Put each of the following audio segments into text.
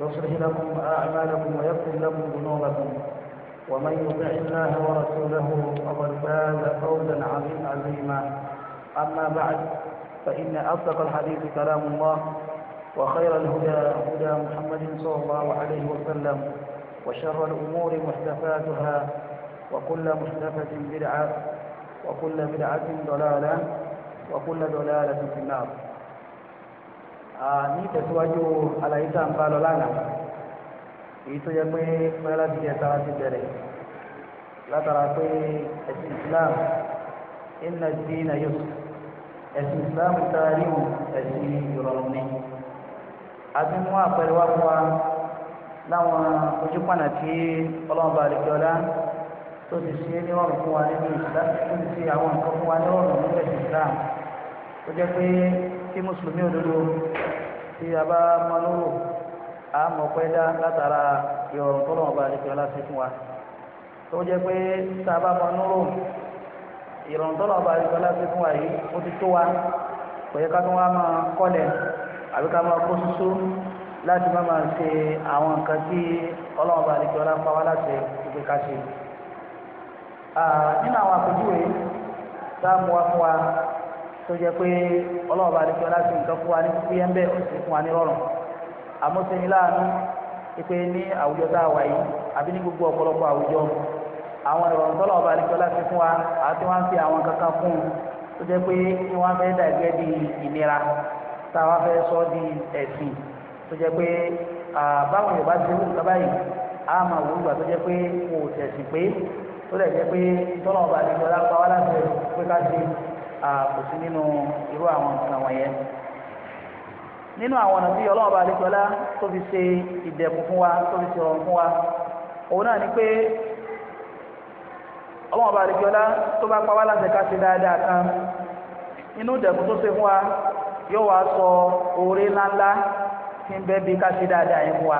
يصلح لكم أعمالكم ويغفر لكم ذنوبكم ومن يطع الله ورسوله فقد فاز فوزا عظيما عظيما أما بعد فإن أصدق الحديث كلام الله وخير الهدى هدى محمد صلى الله عليه وسلم وشر الأمور محدثاتها وكل محدثة بدعة وكل بدعة ضلالة وكل ضلالة في النار ní ìtẹ̀síwájú àlàyé tá à ń bá lọ lánàá èyí tó yẹ pé pẹ́lá ti jẹ sára ti bẹ̀rẹ̀ látara pé ẹ̀sìn Islam inna ad-dina yusr ẹ̀sìn Islam tààríwò ẹ̀sìn ìrọ̀rùn ni a ti mú àpẹẹrẹ wá fún wa láwọn ojúpànà tí ọlọ́mọba àdìgbọ́lá tó ti ṣe ní ọ̀rùn fún wa nínú Islam tó ti ṣe àwọn nǹkan fún wa ní ọ̀rùn nínú ẹ̀sìn Islam tó jẹ́ pé tí mùsùlùmí òdodo tí a bá mọ lóró a mọ̀ pé dá látara ìrọ̀rùn tó lọ́wọ́ bá a lè fi ọlá sí fún wa tó jẹ́ pé tá a bá mọ lóró ìrọ̀rùn tó lọ́wọ́ bá a lè fi ọlá sí fún wa yìí ó ti tó wa kò yẹ ká tó wá máa kọ́lẹ̀ àbí ká máa kó susu láti má máa ṣe àwọn nǹkan tí ọlọ́wọ́ bá a lè pa wá láti ìgbé ká ṣe. nínú àwọn àpèjúwe tá a mú wa fún wa tó jẹ́ pé ọlọ́run bá dẹkẹ ọlá sí nǹkan fún wa ní fífi ẹnbẹ ó sì fún wa ní rọrùn àmọ́ sẹni láàánú pé ní àwùjọ tá a wà yìí àbí ní gbogbo ọ̀pọ̀lọpọ̀ àwùjọ àwọn ìrọ̀rùn tọ́lọ̀ ọba dẹkẹ sí fún wa àti wọn fi àwọn kankan fún un tó pé kí wọn fẹẹ dàgbẹ di ìnira tá a wá fẹẹ sọ di ẹ̀sìn tó jẹ́ pé báwọn Yorùbá ti wù nǹkan báyìí a máa wù gbà tó jẹ́ pé kò tẹ̀sìn pé tó dẹ̀ jẹ́ pé tọ́lọ̀ ọba àdìgbò lápá kò sí nínú irú àwọn nǹkan wọ̀nyẹn nínú àwọn ọ̀nà tí ọlọ́run bá àdékọ́lá tó fi ṣe ìdẹ̀kùn fún wa tó fi ṣe ọ̀run fún wa òun náà ni pé ọlọ́run bá àdékọ́lá tó bá pa wá láti ká ṣe dáadáa kan inú ìdẹ̀kùn tó ṣe fún wa yóò wá sọ oore ńláńlá tí ń bẹ bí ká ṣe dáadáa yẹn fún wa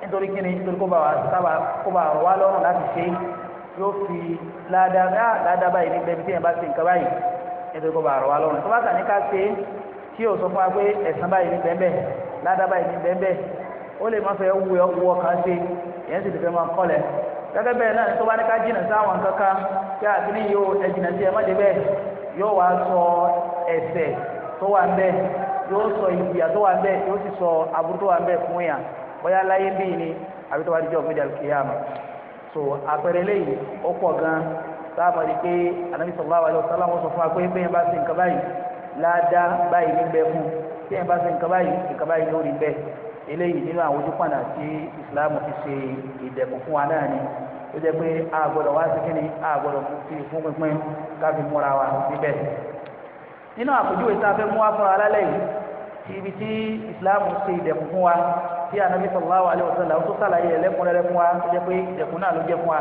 nítorí nítorí kó bá wa sábà kó bá wa lọ́rùn láti ṣe yóò fi ládàá tí yẹn bá ṣe nǹkan báyìí nítorí kó bá rọ̀ wá lọ́rùn tó bá sàní ká ṣe tí yóò sọ fún wa pé ẹ̀sán báyìí ní bẹ́ẹ̀ bẹ́ẹ̀ ládàbà yìí ní bẹ́ẹ̀ bẹ́ẹ̀ ó lè má fẹ́ wú ọkú ọkàn ṣe yẹn sì fẹ́ máa kọ́lẹ̀ gẹ́gẹ́ bẹ́ẹ̀ náà tó bá ní ká jìnà sáwọn kankan kí àtúní yóò ẹ̀jìnà sí ẹ má dé bẹ́ẹ̀ yóò wá sọ ẹ̀ṣẹ̀ tó wà ń bẹ́ẹ̀ yóò sọ ìyà tó wà ń bẹ́ẹ̀ yóò sì sọ aburú tó wà ń bẹ́ẹ̀ fún yà bóyá láyé bíi ni àbí tó bá di jọ́ ògbéjà kìí àmà so àpẹẹrẹ lẹ́yìn ó pọ̀ gan-an sáàmù rí pé anabi sallallahu alaihi wasallam sọ fún wa pé bẹ́ẹ̀ bá ṣe nǹkan báyìí láàdá báyìí ní bẹ́ẹ̀ fún bẹ́ẹ̀ bá ṣe nǹkan báyìí nǹkan báyìí lórí bẹ́ẹ̀ eléyìí nínú àwọn ojúpọ̀nà tí ìsìláàmù fi ṣe ìdẹ̀kùn fún wa náà ni ó jẹ́ pé a gbọ́dọ̀ wá sí kíni a gbọ́dọ̀ fi fún pínpín káfí múra wa síbẹ̀ nínú àpèjúwe tá a fẹ́ mú wá fún alálẹ̀ yìí ibi tí ìsìláàmù ṣe ìdẹ̀kùn fún wa tí anabi sallallahu alaihi wasallam ó jẹ́ pé ìdẹ̀kùn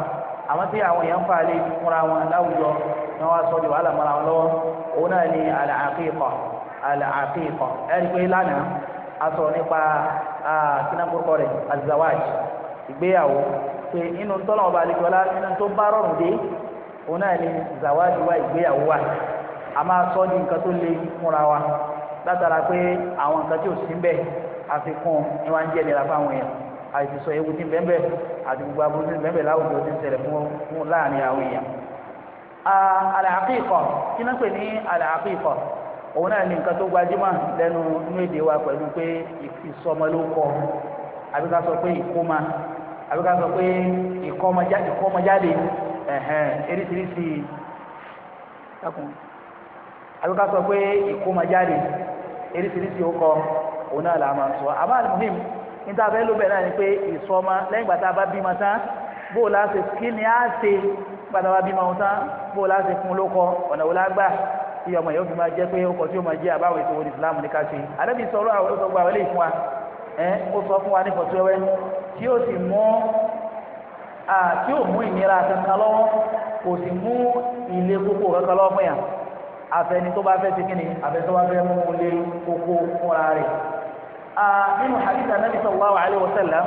àwọn tí àwọn èèyàn ń fa alẹ́ fúnra wọn láwùjọ wọn wá sọ di wàhálà mọ́ra wọn lọ́wọ́ òun náà ni àlàáfíìkọ̀ àlàáfíìkọ̀ ẹ̀rí pé lánàá a sọ nípa kínákórúkọ rẹ̀ azawaj ìgbéyàwó pé inú tọ́lọ̀ ọba àlejòọlá inú tó bá rọrùn dé òun náà ni zawaj wa ìgbéyàwó wa a máa sọ di nǹkan tó le fúnra wa látara pé àwọn nǹkan tí ò sí ń àfikún ni wọ́n á jẹ́ nira fáwọn èèyàn àìsísọ ewu ti bẹ́ẹ̀ àti gbogbo aburú ti bẹ́ẹ̀ láwùjọ ti ṣẹlẹ̀ fún láàrin àwọn èèyàn. àlàáfíìkọ̀ kí náà pè ní àlàáfíìkọ̀ òun náà ní nǹkan tó gbajúmọ̀ lẹ́nu inú èdè wa pẹ̀lú pé ìsọmọlórúkọ àbí ká sọ pé ìkómà àbí ká sọ pé ìkọ́mọjáde ẹ̀hẹ̀n eríṣiríṣi àbí ká sọ pé ìkómọjáde eríṣiríṣi ó kọ òun náà là máa sọ àmọ́ àlùmọ́hìmù níta fẹ́ ló bẹ̀rẹ̀ náà ni pé ìsọmọ lẹ́yìn gbàtà bá bímọ tán bó o kí ni á ṣe gbàtà bá bímọ tán bó o láti fún lóko ọ̀nà wo lágbà tí ọmọ yẹn ó fi máa jẹ́ pé ọkọ̀ tí ó máa jẹ́ àbáwọ̀ ètò òní Islam ní ká ṣe àdébí sọ̀rọ̀ àwọn ọ̀sọ̀gbà wọlé ìfún wa ẹ̀ ó sọ fún wa ní fọ̀tíwẹ́wẹ́ tí ó sì mú tí ó mú ìnira kankan lọ́wọ́ kò sì mú ilé kókó kankan lọ́wọ́ fún yà àfẹni tó bá fẹ́ ṣe kí ni àfẹni tó bá fẹ́ mú ilé kókó fúnra rẹ̀ nínú hadith anabi sallallahu alayhi wa sallam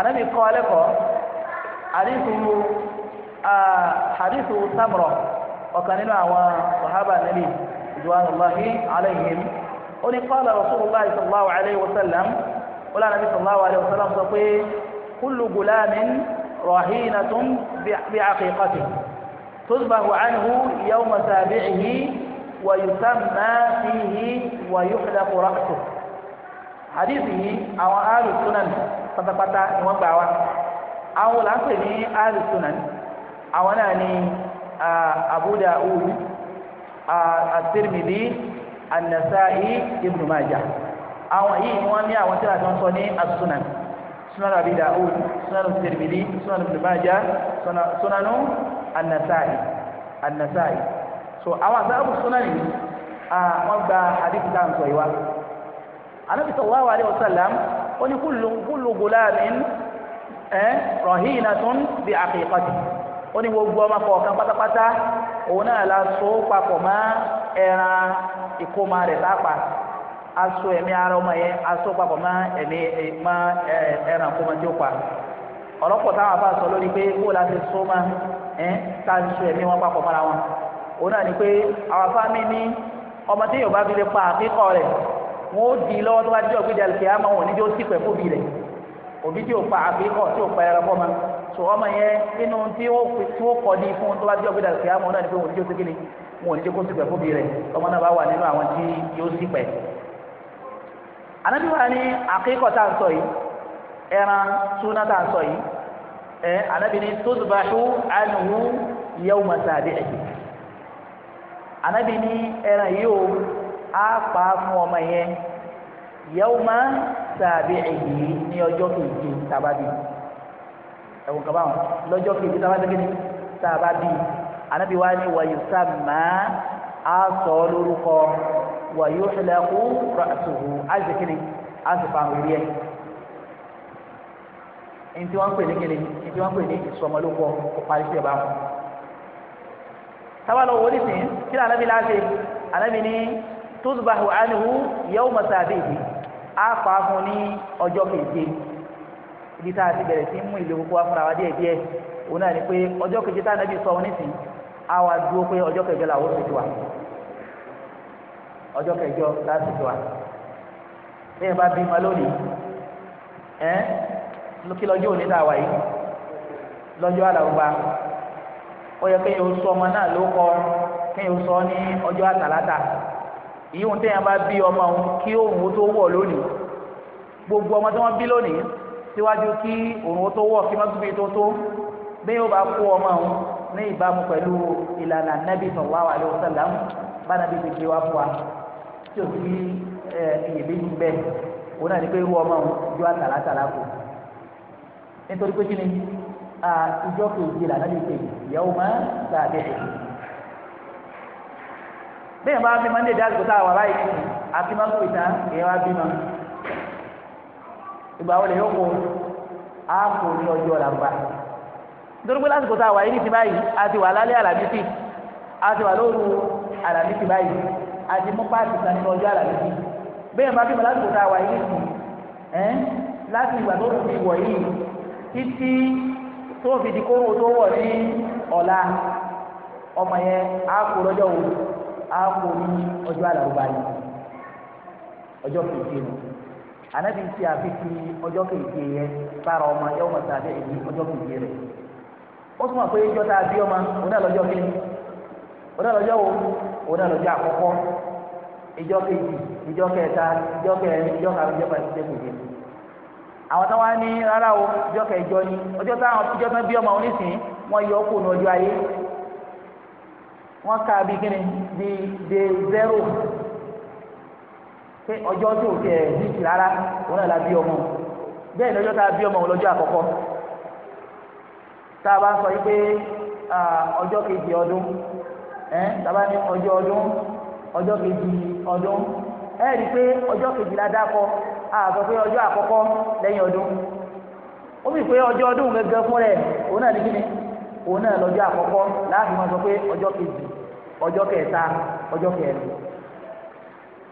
anabi kọ́ alẹ́ kọ́ hadithu hadithu samro ọ̀kan nínú àwọn sahaba anabi ridwanullahi alayhim ó ní qala rasulillah sallallahu alayhi wa sallam ó lànà bí sallallahu alayhi wa sallam sọ pé kullu gulamin rahinatun bi aqiqati tuzbahu anhu yawma sabi'ihi wa yusamma fihi wa yuhlaqu ra'suhu àdìsí yìí àwọn áàlù sunan pátápátá ni wọ́n gbà wá àwọn làásì ní áàlù sunan àwọn náà ní Abu Dawud at-Tirmidhi an-Nasa'i Ibn Majah àwọn yìí ni wọ́n ní àwọn tí a ti ń sọ ní as-sunan sunan Abi Dawud sunan at sunan Ibn Majah sunanu an-Nasa'i an-Nasa'i so àwọn àgbà sunan yìí wọ́n gba àdìsí dáhùn sọ yìí wá anabi sallallahu alayhi wa sallam ó ní kullu kullu gulamin ẹ eh, rahinatun bi aqiqati ó ní gbogbo ọmọ kọ̀ọ̀kan pátápátá òun náà la so papọ̀ mọ́ ẹran ìkómọ rẹ̀ lápá aso ẹ̀mí ara ọmọ yẹn aso papọ̀ mọ́ ẹ̀mí mọ́ eh, ẹran ìkómọ tí ó pa ọ̀rọ̀pọ̀ táwọn afa sọ lórí pé kó la ti so mọ́ ẹ eh, tá a ti so ẹ̀mí wọn papọ̀ mọ́ra wọn òun náà ni pé àwọn afá mi ní ọmọ tí yorùbá fi lè pa àkíkọ rẹ̀ wọn ó di lọ́wọ́ tó bá dijọ́ gbé jalè kí á máa wọn níjọ́ sí pẹ̀ fóbi rẹ̀ òbí tí ò pa àbíkọ̀ tí ò pa ẹran fọ́ ma sọ ọmọ yẹn nínú tí wọ́n kọ́ di fún tó bá dijọ́ gbé jalè kí á máa wọn náà ní pé wọn kíni wọn ò kó sí pẹ̀ fóbi rẹ̀ ọmọ náà bá wà nínú àwọn tí yóò sí pẹ̀. ànábì ni àkíkọ̀ tá à ń sọ yìí ẹran súná tá à ń sọ yìí ẹ ànábì ni tó zubaṣu ànuhu ni ẹran yìí á pa á fún ọmọ yẹn yawma sabi'ihi ní ọjọ́ kejì tàbádì ẹ̀wọ̀n kaba wọn lọ́jọ́ kejì tàbádì kejì tàbádì anabi wa ni wàyí sàmà á sọ lórúkọ wàyí òṣèlú ra'suhu á sì kiri á ntí wọ́n pè ní kiri ntí wọ́n pè ní ìsọmọlúkọ kó sí ẹ̀ wọn. sábà lọ wọlé sí kí ni anabi láti anabi ní. tudbahu anhu yawma sabihi á pa fún keje ibi a ti bẹ̀rẹ̀ sí mú ìlú gbogbo wa ni pé ọjọ́ keje tá a nàbí sọ onísìn á wá dúró pé ọjọ́ kẹjọ làwọn ti wà ọjọ́ kẹjọ láti wà ìyóhun tẹ́yàn bá bí ọmọ òun kí òun tó wọ̀ lónìí gbogbo ọmọ tí wọ́n bí lónìí síwájú kí òun tó wọ̀ kí mọ́tòbí tó tó bẹ́ẹ̀ yóò bá kó ọmọ òun ní ìbámu pẹ̀lú ìlànà nẹ́bí sallallahu alaihi wasallam bá nàbí ti gbé wá fún wa tí o ti iyèméjì bẹ́ẹ̀ òun náà ní pé irú ọmọ òun ju àtàlátàlá kù nítorí pé kí ni ìjọ kejì lànà lè ṣe ìyàwó máa ń sàbẹ̀ bẹ́ẹ̀ bá bímọ ní èdè àsìkò tá a wà báyìí fún àti máa kú ìtàn èèyàn wá bímọ ìgbà wọlé yóò kó a kò ní ọjọ́ làǹbà nítorí pé lásìkò tá a wà yìí ní ti báyìí a ti wà lálẹ́ àlàmísì a ti wà lóru àlàmísì báyìí a ti mú páàkì kan nínú ọjọ́ àlàmísì bẹ́ẹ̀ bá bímọ lásìkò tá a wà yìí nìsín ẹ́ láti ìgbà tó ti wọ̀ yìí títí tó fi di kóró tó wọ̀ ní ọ̀la ọmọ yẹn a kò lọ́jọ́ wò àpò ní ọjọ́ àlàrúbá ni ya kéèké anabi ti ọjọ́ kéèké yẹ sára ọmọ yẹ ọmọ tàbí èyí ọjọ́ kéèké rẹ ó túmọ̀ pé ìjọ tá a bí wo ìjọ ìjọ kẹta ìjọ kẹrin ìjọ kàwé ìjọ kàwé ìjọ àwọn táwọn á ní rárá o ìjọ kẹjọ ni ọjọ́ táwọn ìjọ tán bí wọn yọ wọn ka bí kíni bí zero pé ọjọ́ tí ò tiẹ̀ ní ti rárá náà la bí ọmọ bẹ́ẹ̀ ni a bí ọmọ tá a bá sọ yí pé ọjọ kejì ọdún ẹ̀ tá ní ọdún kejì ọdún rí i pé kejì la dákọ a sọ pé ọdún ó pé ọdún òun náà lọ́jọ́ àkọ́kọ́ láti máa sọ pé ọjọ́ kejì ọjọ́ kẹta ọjọ́ kẹrin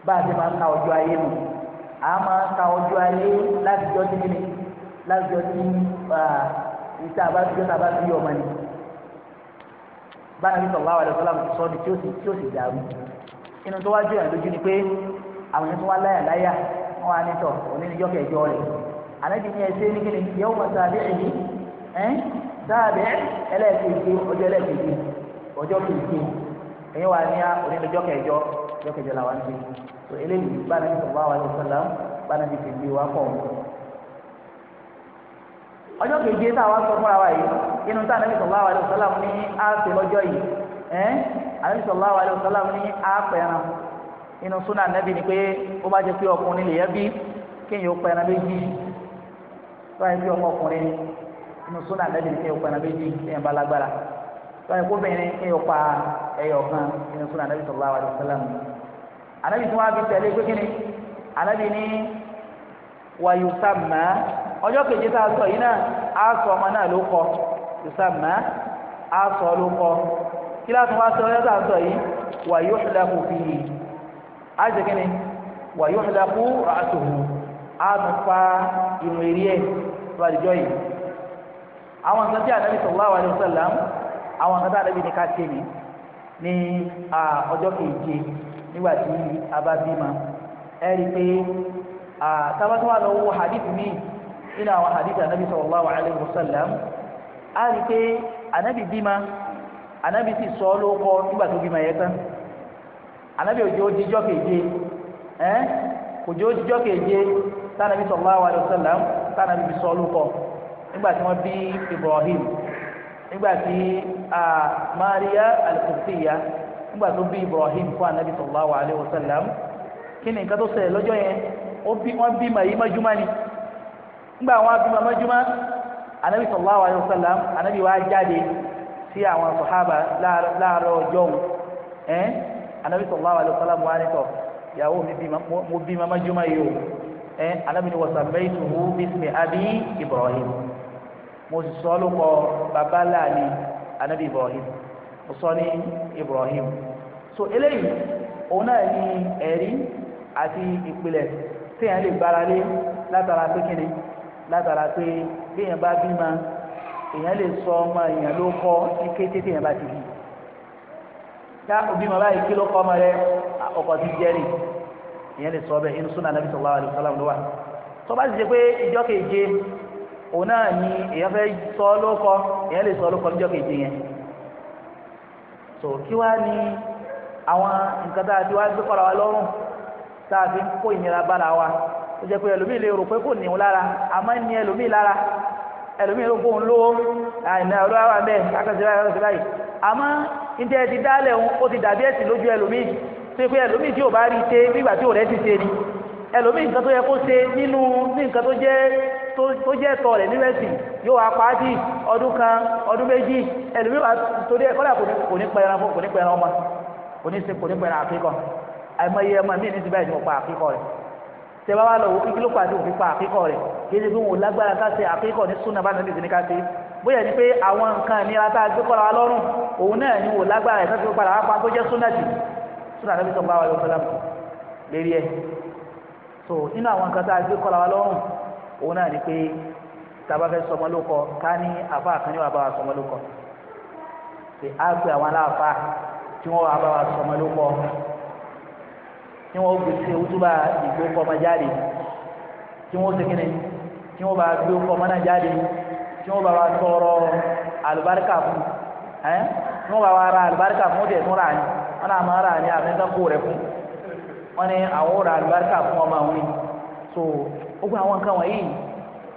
bá a ti máa ka ọjọ́ ayé mu a máa ka ọjọ́ ayé láti jọ sí kíni láti jọ sí ìta àbájọ́ tàbá sí ọmọ ni báyìí sọ̀rọ̀ àwọn àdàkọ́lá mi sọ ni tí ó sì tí ó sì dàrú inú tó wá jọ yàn lójú ni pé àwọn yẹn tó wá láyà láyà wọn wá nítọ̀ òní níjọ́ kẹjọ rẹ̀ àlejò ni ẹ ṣe ní kíni yẹ́wò mọ̀tàlẹ́ ẹ̀yìn ẹ́ sáàbẹ̀ ẹlẹ́ẹ̀kejì ọjọ́ ẹlẹ́ẹ̀kejì ọjọ́ kejì ẹ̀yin wà ní onídọ̀jọ́ kẹjọ ọjọ́ kẹjọ là wà ń gbé tó eléyìí bára ní sọ̀rọ̀ àwọn ọ̀sọ̀lá bára ní kejì wà pọ̀ ọjọ́ kejì tá a wá sọ fúnra wa yìí inú tá a ní sọ̀rọ̀ àwọn ọ̀sọ̀lá ní á lọ́jọ́ yìí ẹ́ ní ẹran inú súnà ni pé ó bá pé ọkùnrin lè yẹ bí kéèyàn ó inú súnà àlẹ́bí ni kéèyàn pa ẹran méjì kéèyàn bá lágbára tọ́yẹ kóbìnrin kéèyàn pa ẹyọ kan inú súnà àlẹ́bí sallallahu alaihi wasallam àlẹ́bí tí wọ́n fi tẹ̀lé pé kíni àlẹ́bí ní wàyù sàmà ọjọ́ kejì tá a sọ yìí náà á sọ ọmọ náà ló kọ yùsàmà á sọ ló kọ kí látún wá sọ ọjọ́ tá a sọ yìí wàyù ìlẹ̀kùn fi yìí á jẹ́ kíni wàyù ìlẹ̀kùn ràtòhùn àwọn nǹkan tí ànábì sallallahu alaihi wasallam àwọn nǹkan tí ànábì ní ká ṣe ni ní ọjọ́ keje nígbà tí a bá bímọ ẹ rí i pé tábàtà wà lọ́wọ́ hadith mi nínú àwọn hadith ànábì sallallahu alaihi wasallam a rí i pé ànábì bímọ ànábì sì sọ ọ́ lóko nígbà tó bímọ yẹn tán ànábì òjò ó dijọ́ keje ẹ́ òjò ó dijọ́ keje tánàbí sallallahu alaihi wasallam tánàbí sọ ọ́ lóko nígbà tí wọ́n Ibrahim nígbà tí Maria al-Qibtiyya nígbà tó Ibrahim fún anabi sallallahu alayhi wa sallam kí ni nǹkan tó ṣẹlẹ̀ lọ́jọ́ yẹn wọ́n bí màyí májúmá ni nígbà wọn bí májúmá anabi sallallahu alayhi wa sallam anabi wa jáde sí àwọn sọ̀hábà láàárọ̀ ọjọ́ òun ẹ́n anabi sallallahu alayhi wa sallam wa ni tọ̀ ìyàwó mi mo bí májúmá yìí o ẹ́n anabi ni wọ́n sàmẹ́yìn tó wú bísí mi abi Ibrahim. mo sì sọ lóko anabi ibrahim mo sọ ibrahim so eléyìí òun eri ati ẹ̀rí àti ìpìlẹ̀ téèyàn lè gbára lé látara pé kíni látara pé béèyàn bá bímọ èèyàn lè sọ ọmọ èèyàn ló kọ ní kété téèyàn bá ti bí dá òbí ma báyìí kí ló kọ ọmọ rẹ ọkọ ti jẹrì èèyàn lè sọ ọbẹ inú súnà nàbí sallallahu alaihi wasallam tó òun náà ni èèyàn fẹ́ sọ lóko èèyàn lè sọ lóko níjọ́ kejì yẹn so kí wá ní àwọn nǹkan tá a ti wá gbé kọ́ra wa lọ́rùn tá a fi ń kó ìnira bára wa ó jẹ́ pé ẹlòmíì lè rò pé kò ní òun lára àmọ́ ní ẹlòmíì lára ẹlòmíì ló kóun lówó àìní ọlọ́wà wà bẹ́ẹ̀ kákàtí báyìí kákàtí báyìí àmọ́ níta ẹ ti dálẹ̀ òun ó ti dàbí ẹ̀sìn lójú ẹlòmíì tó yẹ pé ẹlòmíì tí ò bá rí i ṣe nígbà tí ò rẹ́ ti ṣe ni ẹlòmíì nǹkan tó yẹ kó ṣe nínú ní nǹkan tó jẹ́ tó jẹ́ tọ́ rẹ̀ ní mẹ́sì yóò wá pàájì ọdún kan ọdún méjì ẹlòmíì wà torí ẹ̀ kọ́dà kò ní pẹ̀ran fún kò ní pẹ̀ran ọmọ kò ní kò ní pẹ̀ran àkíkọ àìmọye ọmọ mi ní ti báyìí mo pa àkíkọ rẹ̀ tẹ bá wà lọ wò kíkí ló pàdé òfin pa àkíkọ rẹ̀ kí ẹni pé wọn ò lágbára ká ṣe àkíkọ ní súnà bá nàbí ìsìn ká ṣe bóyá ni pé àwọn nǹkan ìnira tá a gbé kọ́ra wa lọ́rùn òun náà ni wò lágbára ẹ̀ sọ́kè padà wá pa tó jẹ́ súnà jù súnà nàbí sọ̀rọ̀ bá wà lọ́sọ̀lá lérí ẹ̀ so nínú àwọn nǹkan tá a gbé kọ́ra wa lọ́rùn òun náà ni pé tábà fẹ́ sọmọ ló kọ ká ní àfa àkànní wà bá wa sọmọ ló kọ pé á pè àwọn aláàfà tí wọ́n wà bá wa sọmọ ló kọ tí wọ́n gbé sí ewúdúbà ìgbó kọ́mọ jáde tí wọ́n sèkéne tí wọ́n bá gbé náà jáde tí wọ́n bá wa tọrọ àlùbáríkà fún ẹ́ tí wọ́n bá wa ra àlùbáríkà fún ó tẹ̀ tún rà wọ́n náà máa rẹ̀ fún wọ́n ní àwọn ò so gbogbo àwọn nǹkan wọ̀nyí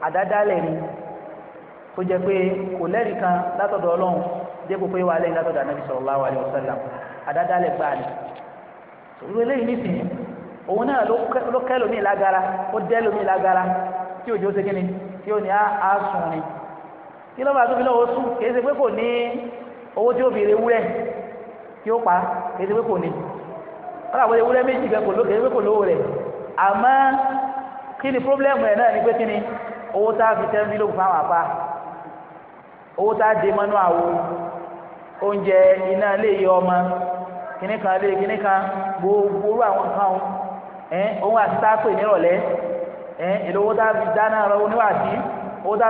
àdádálẹ̀ ni tó jẹ́ pé kò lẹ́rìí kan látọ̀dọ̀ ọlọ́run jẹ́ ko pé wà lẹ́yìn látọ̀dọ̀ ànábì sallallahu alaihi wasallam àdádálẹ̀ gbáà ni ìwé lẹ́yìn nísìnyí òun náà ló kẹ́ lómi lágara ó dẹ́ lómi lágara tí òjò ṣe kíni tí ó ní á sùn ni kí ló bá tóbi náà ó sùn kìí ṣe pé kò ní owó tí ó fi rewúrẹ́ ó pa kìí ṣe pé kò ní làwọn ewúrẹ́ méjì kí ni pírọ́blẹ́mù ẹ̀ náà ni pé kí ni owó tá a fi tẹ́ ń fáwọn apá owó tá a dé mọ́nú àwo oúnjẹ iná lè yọ ọmọ kíní kan lè kíní kan gbogbo àwọn ohun àti tá a pè nírọ̀lẹ́ ẹ̀ tá a fi dáná ọ̀rọ̀ oníwàásí owó tá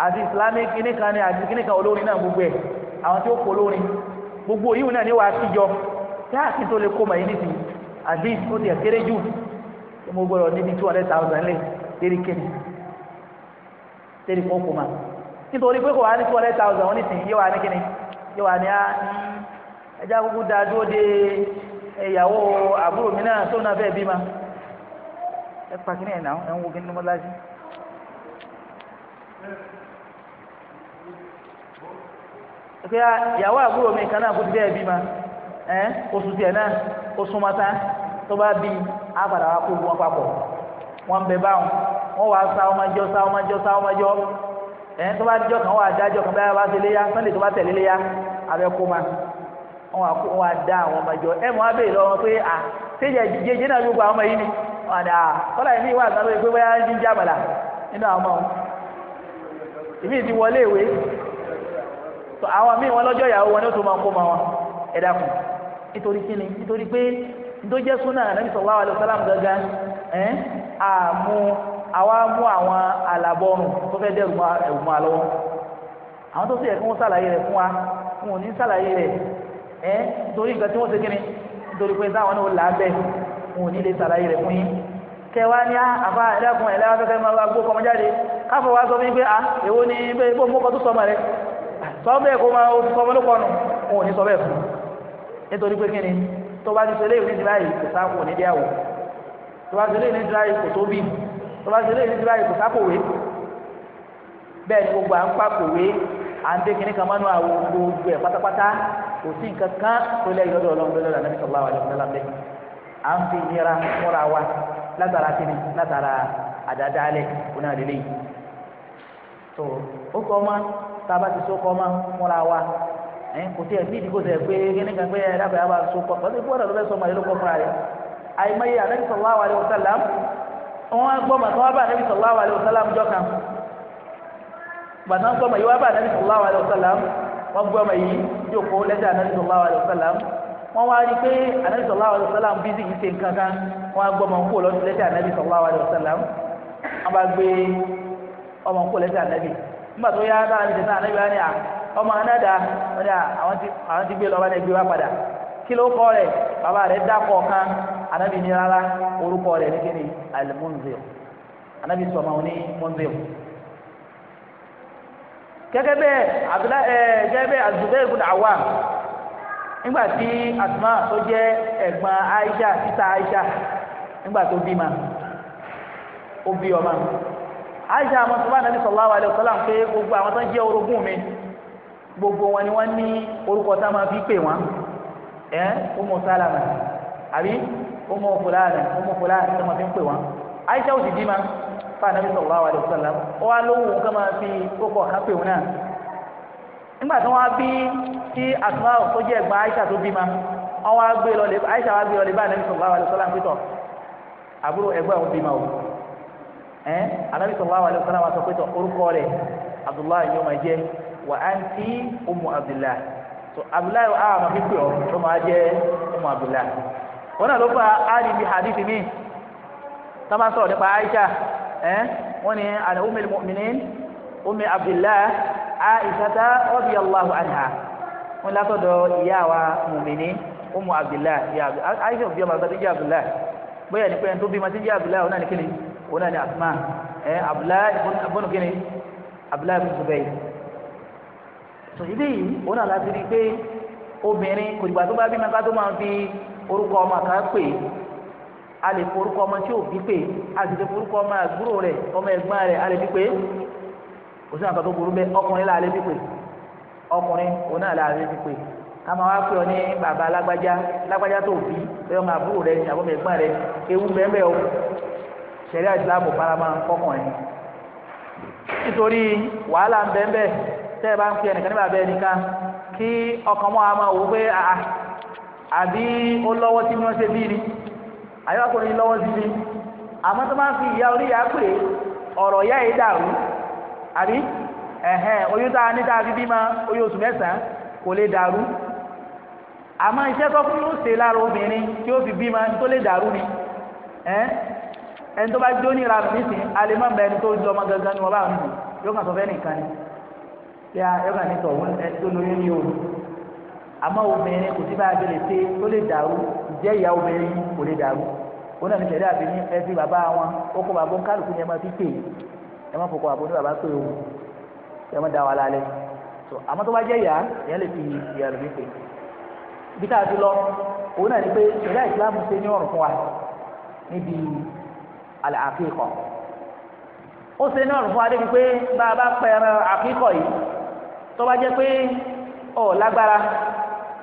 a fi islamic kíní kan ni àti kíní kan àwọn tí ó kó lórin gbogbo yìí náà ní wàá síjọ káàkiri tó lè kó mọ̀ yìí nìsín àbí ó ti ẹ̀kẹ́rẹ́ jù tí mo gbọ́dọ̀ níbi two hundred thousand lè lérí kéde lérí kó kó ma nítorí pé kò wá ní two hundred thousand wọn nìsín yóò wá ní kíni yóò wá ní á ah, hmm, ẹja kúkú da dúró de ìyàwó àbúrò mi náà tó náà fẹ́ bí ma ẹ pa kíni ẹ̀ náà ẹ̀ ń wo kíni ní mọ́tò láti. pé ìyàwó àbúrò mi kan náà kó ti bẹ́ẹ̀ bí ma ẹ́ oṣù tiẹ̀ náà oṣù mọ́ta tó bá bí àpàdà wa kó wọn papọ̀ wọn bẹ báwọn wọn wàá sa ọmọjọ sa ọmọjọ sa ọmọjọ ẹ tó bá dijọ́ kan wọn àdájọ́ kan báyà bá ṣe léyà sunday tó bá tẹ̀lé léyà abẹ kó ma wọn wàá kó wọn àdá àwọn ọmọjọ ẹ mọ abẹ́ ìlọ wọn pé à séjà jẹjẹ náà yóò gba àwọn ọmọ yìí ni wọn àdá kọ́lá yìí ní ìwà àgbà lóye pé bóyá ń jíjà nínú àwọn ọmọ ìmí ti wọlé ìwé tó àwọn míì wọn lọ́jọ́ ìyàwó wọn ni ó tó máa ń kó ma wọn ẹ dákun nítorí kíni nítorí pé nítorí jẹ́ súnà nàbí sallallahu alaihi wasallam gangan ẹ̀ àmú àwa mú àwọn àlàbọ̀rùn tó fẹ́ dẹ́rù mọ́ àlọ́wọ́ àwọn tó sì yẹ kí wọ́n sàlàyé rẹ̀ fún wa wọn ò ní sàlàyé rẹ̀ ẹ̀ nítorí nǹkan tí wọ́n ṣe kíni nítorí pé táwọn náà là á bẹ̀ wọn ò ní lè sàlàyé rẹ̀ fún yín kẹwàá ní àfa ẹ̀dá kan ẹ̀dá máa gbó kọmọ káfọ̀ wá sọ fún yín pé à èwo ni bó mọ́kọ tó sọmọ rẹ̀ sọ bẹ́ẹ̀ kó máa ó sọ ọmọ lóko ọ̀nà òun ò ní sọ bẹ́ẹ̀ fún nítorí pé kíni tó bá ti ṣe léyìn nídìí báyìí kò sá kò nídìí àwò tó bá ti ṣe léyìn nídìí báyìí kò tó bí tó bá ti ṣe léyìn nídìí báyìí kò sá kò wé bẹ́ẹ̀ ni gbogbo à ń pa kò wé à ń dé kíní kan mọ́nú àwò gbogbo ẹ̀ pátápátá kò sí nǹkan kan tó lẹ́yìn lọ́dọ̀ ọlọ́run lọ́dọ̀ ànábì sallallahu alaihi wasallam à ń fi ìnira múra wa látara kíni látara àdáadáalẹ̀ òun náà lélẹ́yìn tó ó kọ́ ọmọ tába ti sókọ ma múra wa ẹ kò tí ẹ bí ìdíkò tẹ pé kíní kan pé ẹ dábàá bá sókọ tọ́sí gbọ́dọ̀ ló fẹ́ sọ màdé ló kọ́ fúnra rẹ̀ àyìnbáyé anabi sallallahu alayhi wa sallam wọn gbọ́ mà tí wọ́n bá anabi sallallahu alayhi wa sallam jọ kan gbàtà gbọ́ mà yìí wọ́n bá anabi sallallahu alayhi wa sallam wọ́n gbọ́ mà yìí jókòó lẹ́sẹ̀ anabi sallallahu alayhi wa sallam wọ́n wá rí pé anabi sallallahu alayhi wa sallam bí sì ń ṣe nǹkan kan wọ́n gbọ́ mà ń kó anabi sallallahu alayhi wa sallam wọ́n bá gbé ọmọ kó lẹ́sẹ̀ anabi nígbà tó yá báwa ní sẹ́sán ànábì wa ni à ọmọ anáda wọ́n ní àwọn ti gbé lọ́ba ní ẹgbẹ́ wa padà kí ló kọ́ rẹ̀ bàbá rẹ̀ dákọ̀ kan ànábì ní rárá orúkọ rẹ̀ ní kíni alimunzil ànábì sọ̀mọ́ ní munzil gẹ́gẹ́ bẹ́ẹ̀ gẹ́gẹ́ bẹ́ẹ̀ nígbà tí tó jẹ́ ẹ̀gbọ́n aisha títa aisha nígbà tó bímọ ó aisha àwọn tó bá nàbí sallallahu alaihi wasallam pé gbogbo àwọn tó ń jẹ́ orogún mi gbogbo wọn ni wọ́n ní orúkọ tá a máa fi pè wọ́n ẹ ọmọ sálàmà àbí ọmọ fúlàní ọmọ fúlàní tó máa fi ń pè wọ́n aisha ò sì bí ma fa nàbí sallallahu alaihi wasallam ó wá lóhùn nǹkan máa fi kókò kan pè wọ́n náà nígbà tí wọ́n bí kí àtúnwá tó jẹ́ ẹ̀gbọ́n aisha tó bí ma wọ́n wá gbé lọ ẹ anabi sallallahu alaihi wasallam sọ pé tọ orúkọ rẹ abdullahi yóò máa jẹ wa anti umu abdullahi so abdullahi a máa fi pè ọ tó máa jẹ umu abdullahi wọn náà ló fa ali bi hadith mi tó máa sọ̀rọ̀ aisha ẹ wọn ni ana umu mu'minin umu abdullahi aisha ta radiyallahu anha wọn látọ̀dọ̀ ìyá wa mu'minin umu abdullahi aisha òbí ọmọ àgbà tó jẹ abdullahi bóyá ní pé ẹni tó bímọ tó jẹ abdullahi ọ náà ní òun náà ni asma ẹ abdullahi ibùnú kínní abdullahi ibùnú zubair tó ibi yìí òun náà láti rí i pé obìnrin kò dìgbà tó bá bí mẹ́ta tó máa fi orúkọ ọmọ kan pè é a lè forúkọ ọmọ tí òbí pè a sì lè forúkọ ọmọ àgbúrò rẹ ọmọ ẹ̀gbọ́n rẹ a lè fi pè kò sí àkàtọ burú bẹ ọkùnrin là lè fi pè ọkùnrin òun náà là lè fi pè ká máa wá pè ọ ní bàbá lágbájá lágbájá tó bí bẹ́ẹ̀ ọmọ àbúrò rẹ àbọ̀mọ̀ ẹ̀gbọ́n rẹ ewu bẹ́ẹ̀ o sẹ̀ríà ìsìlámù farama kọ́kàn yìí nítorí wàhálà ń bẹ́ẹ̀ bẹ́ẹ̀ tẹ́ ẹ bá ń pè ẹnìkan níbà bẹ́ẹ̀ nìkan kí ọkàn mọ́ àmọ́ wò pé àà àbí ó lọ́wọ́ tí wọ́n ṣe bí ni àyọ́ lọ́wọ́ sí ni àmọ́ tó máa ń fi ìyá orí ìyá pè ọ̀rọ̀ ìyá yìí dàrú àbí ẹ̀hẹ́n oyún tá a ní tá a fi ma oyún oṣù mẹ́sàn-án kò lè dàrú àmọ́ iṣẹ́ ṣe lára obìnrin tí ó fi tó lè dàrú ni ẹni tó bá jó ní ìranù nísìnyí alẹ́ mọ́ ni tó jọ ọmọ gangan ni wọ́n bá wọn yóò kàn sọ fẹ́ nìkan ni tí a yóò kàn ní tọ̀ wọn tó lóyún ní o àmọ́ obìnrin kò sí bá a jọ lè ṣe tó lè dàrú ìjẹ́ ìyá obìnrin kò lè dàrú wọn náà ní sẹ̀dá àbí ní ẹbí bàbá wọn ó kó bàbá kálukú ni ẹ máa fi pè é ẹ máa fọkọ àbọ̀ ní bàbá pé o ẹ máa da wa lálẹ́ àmọ́ tó bá jẹ́ ìyá ìyá lè fi ìyá lè fi pè bí táà ti lọ òun náà ní pé sẹ̀dá ìsìlámù ṣe ní ọ̀rùn fún wa níbi àlẹ́ àkíkọ̀ ó ṣe náà fún adé wípé bá a bá pẹ ẹran àkíkọ̀ yìí tó bá jẹ́ pé ọ̀ lágbára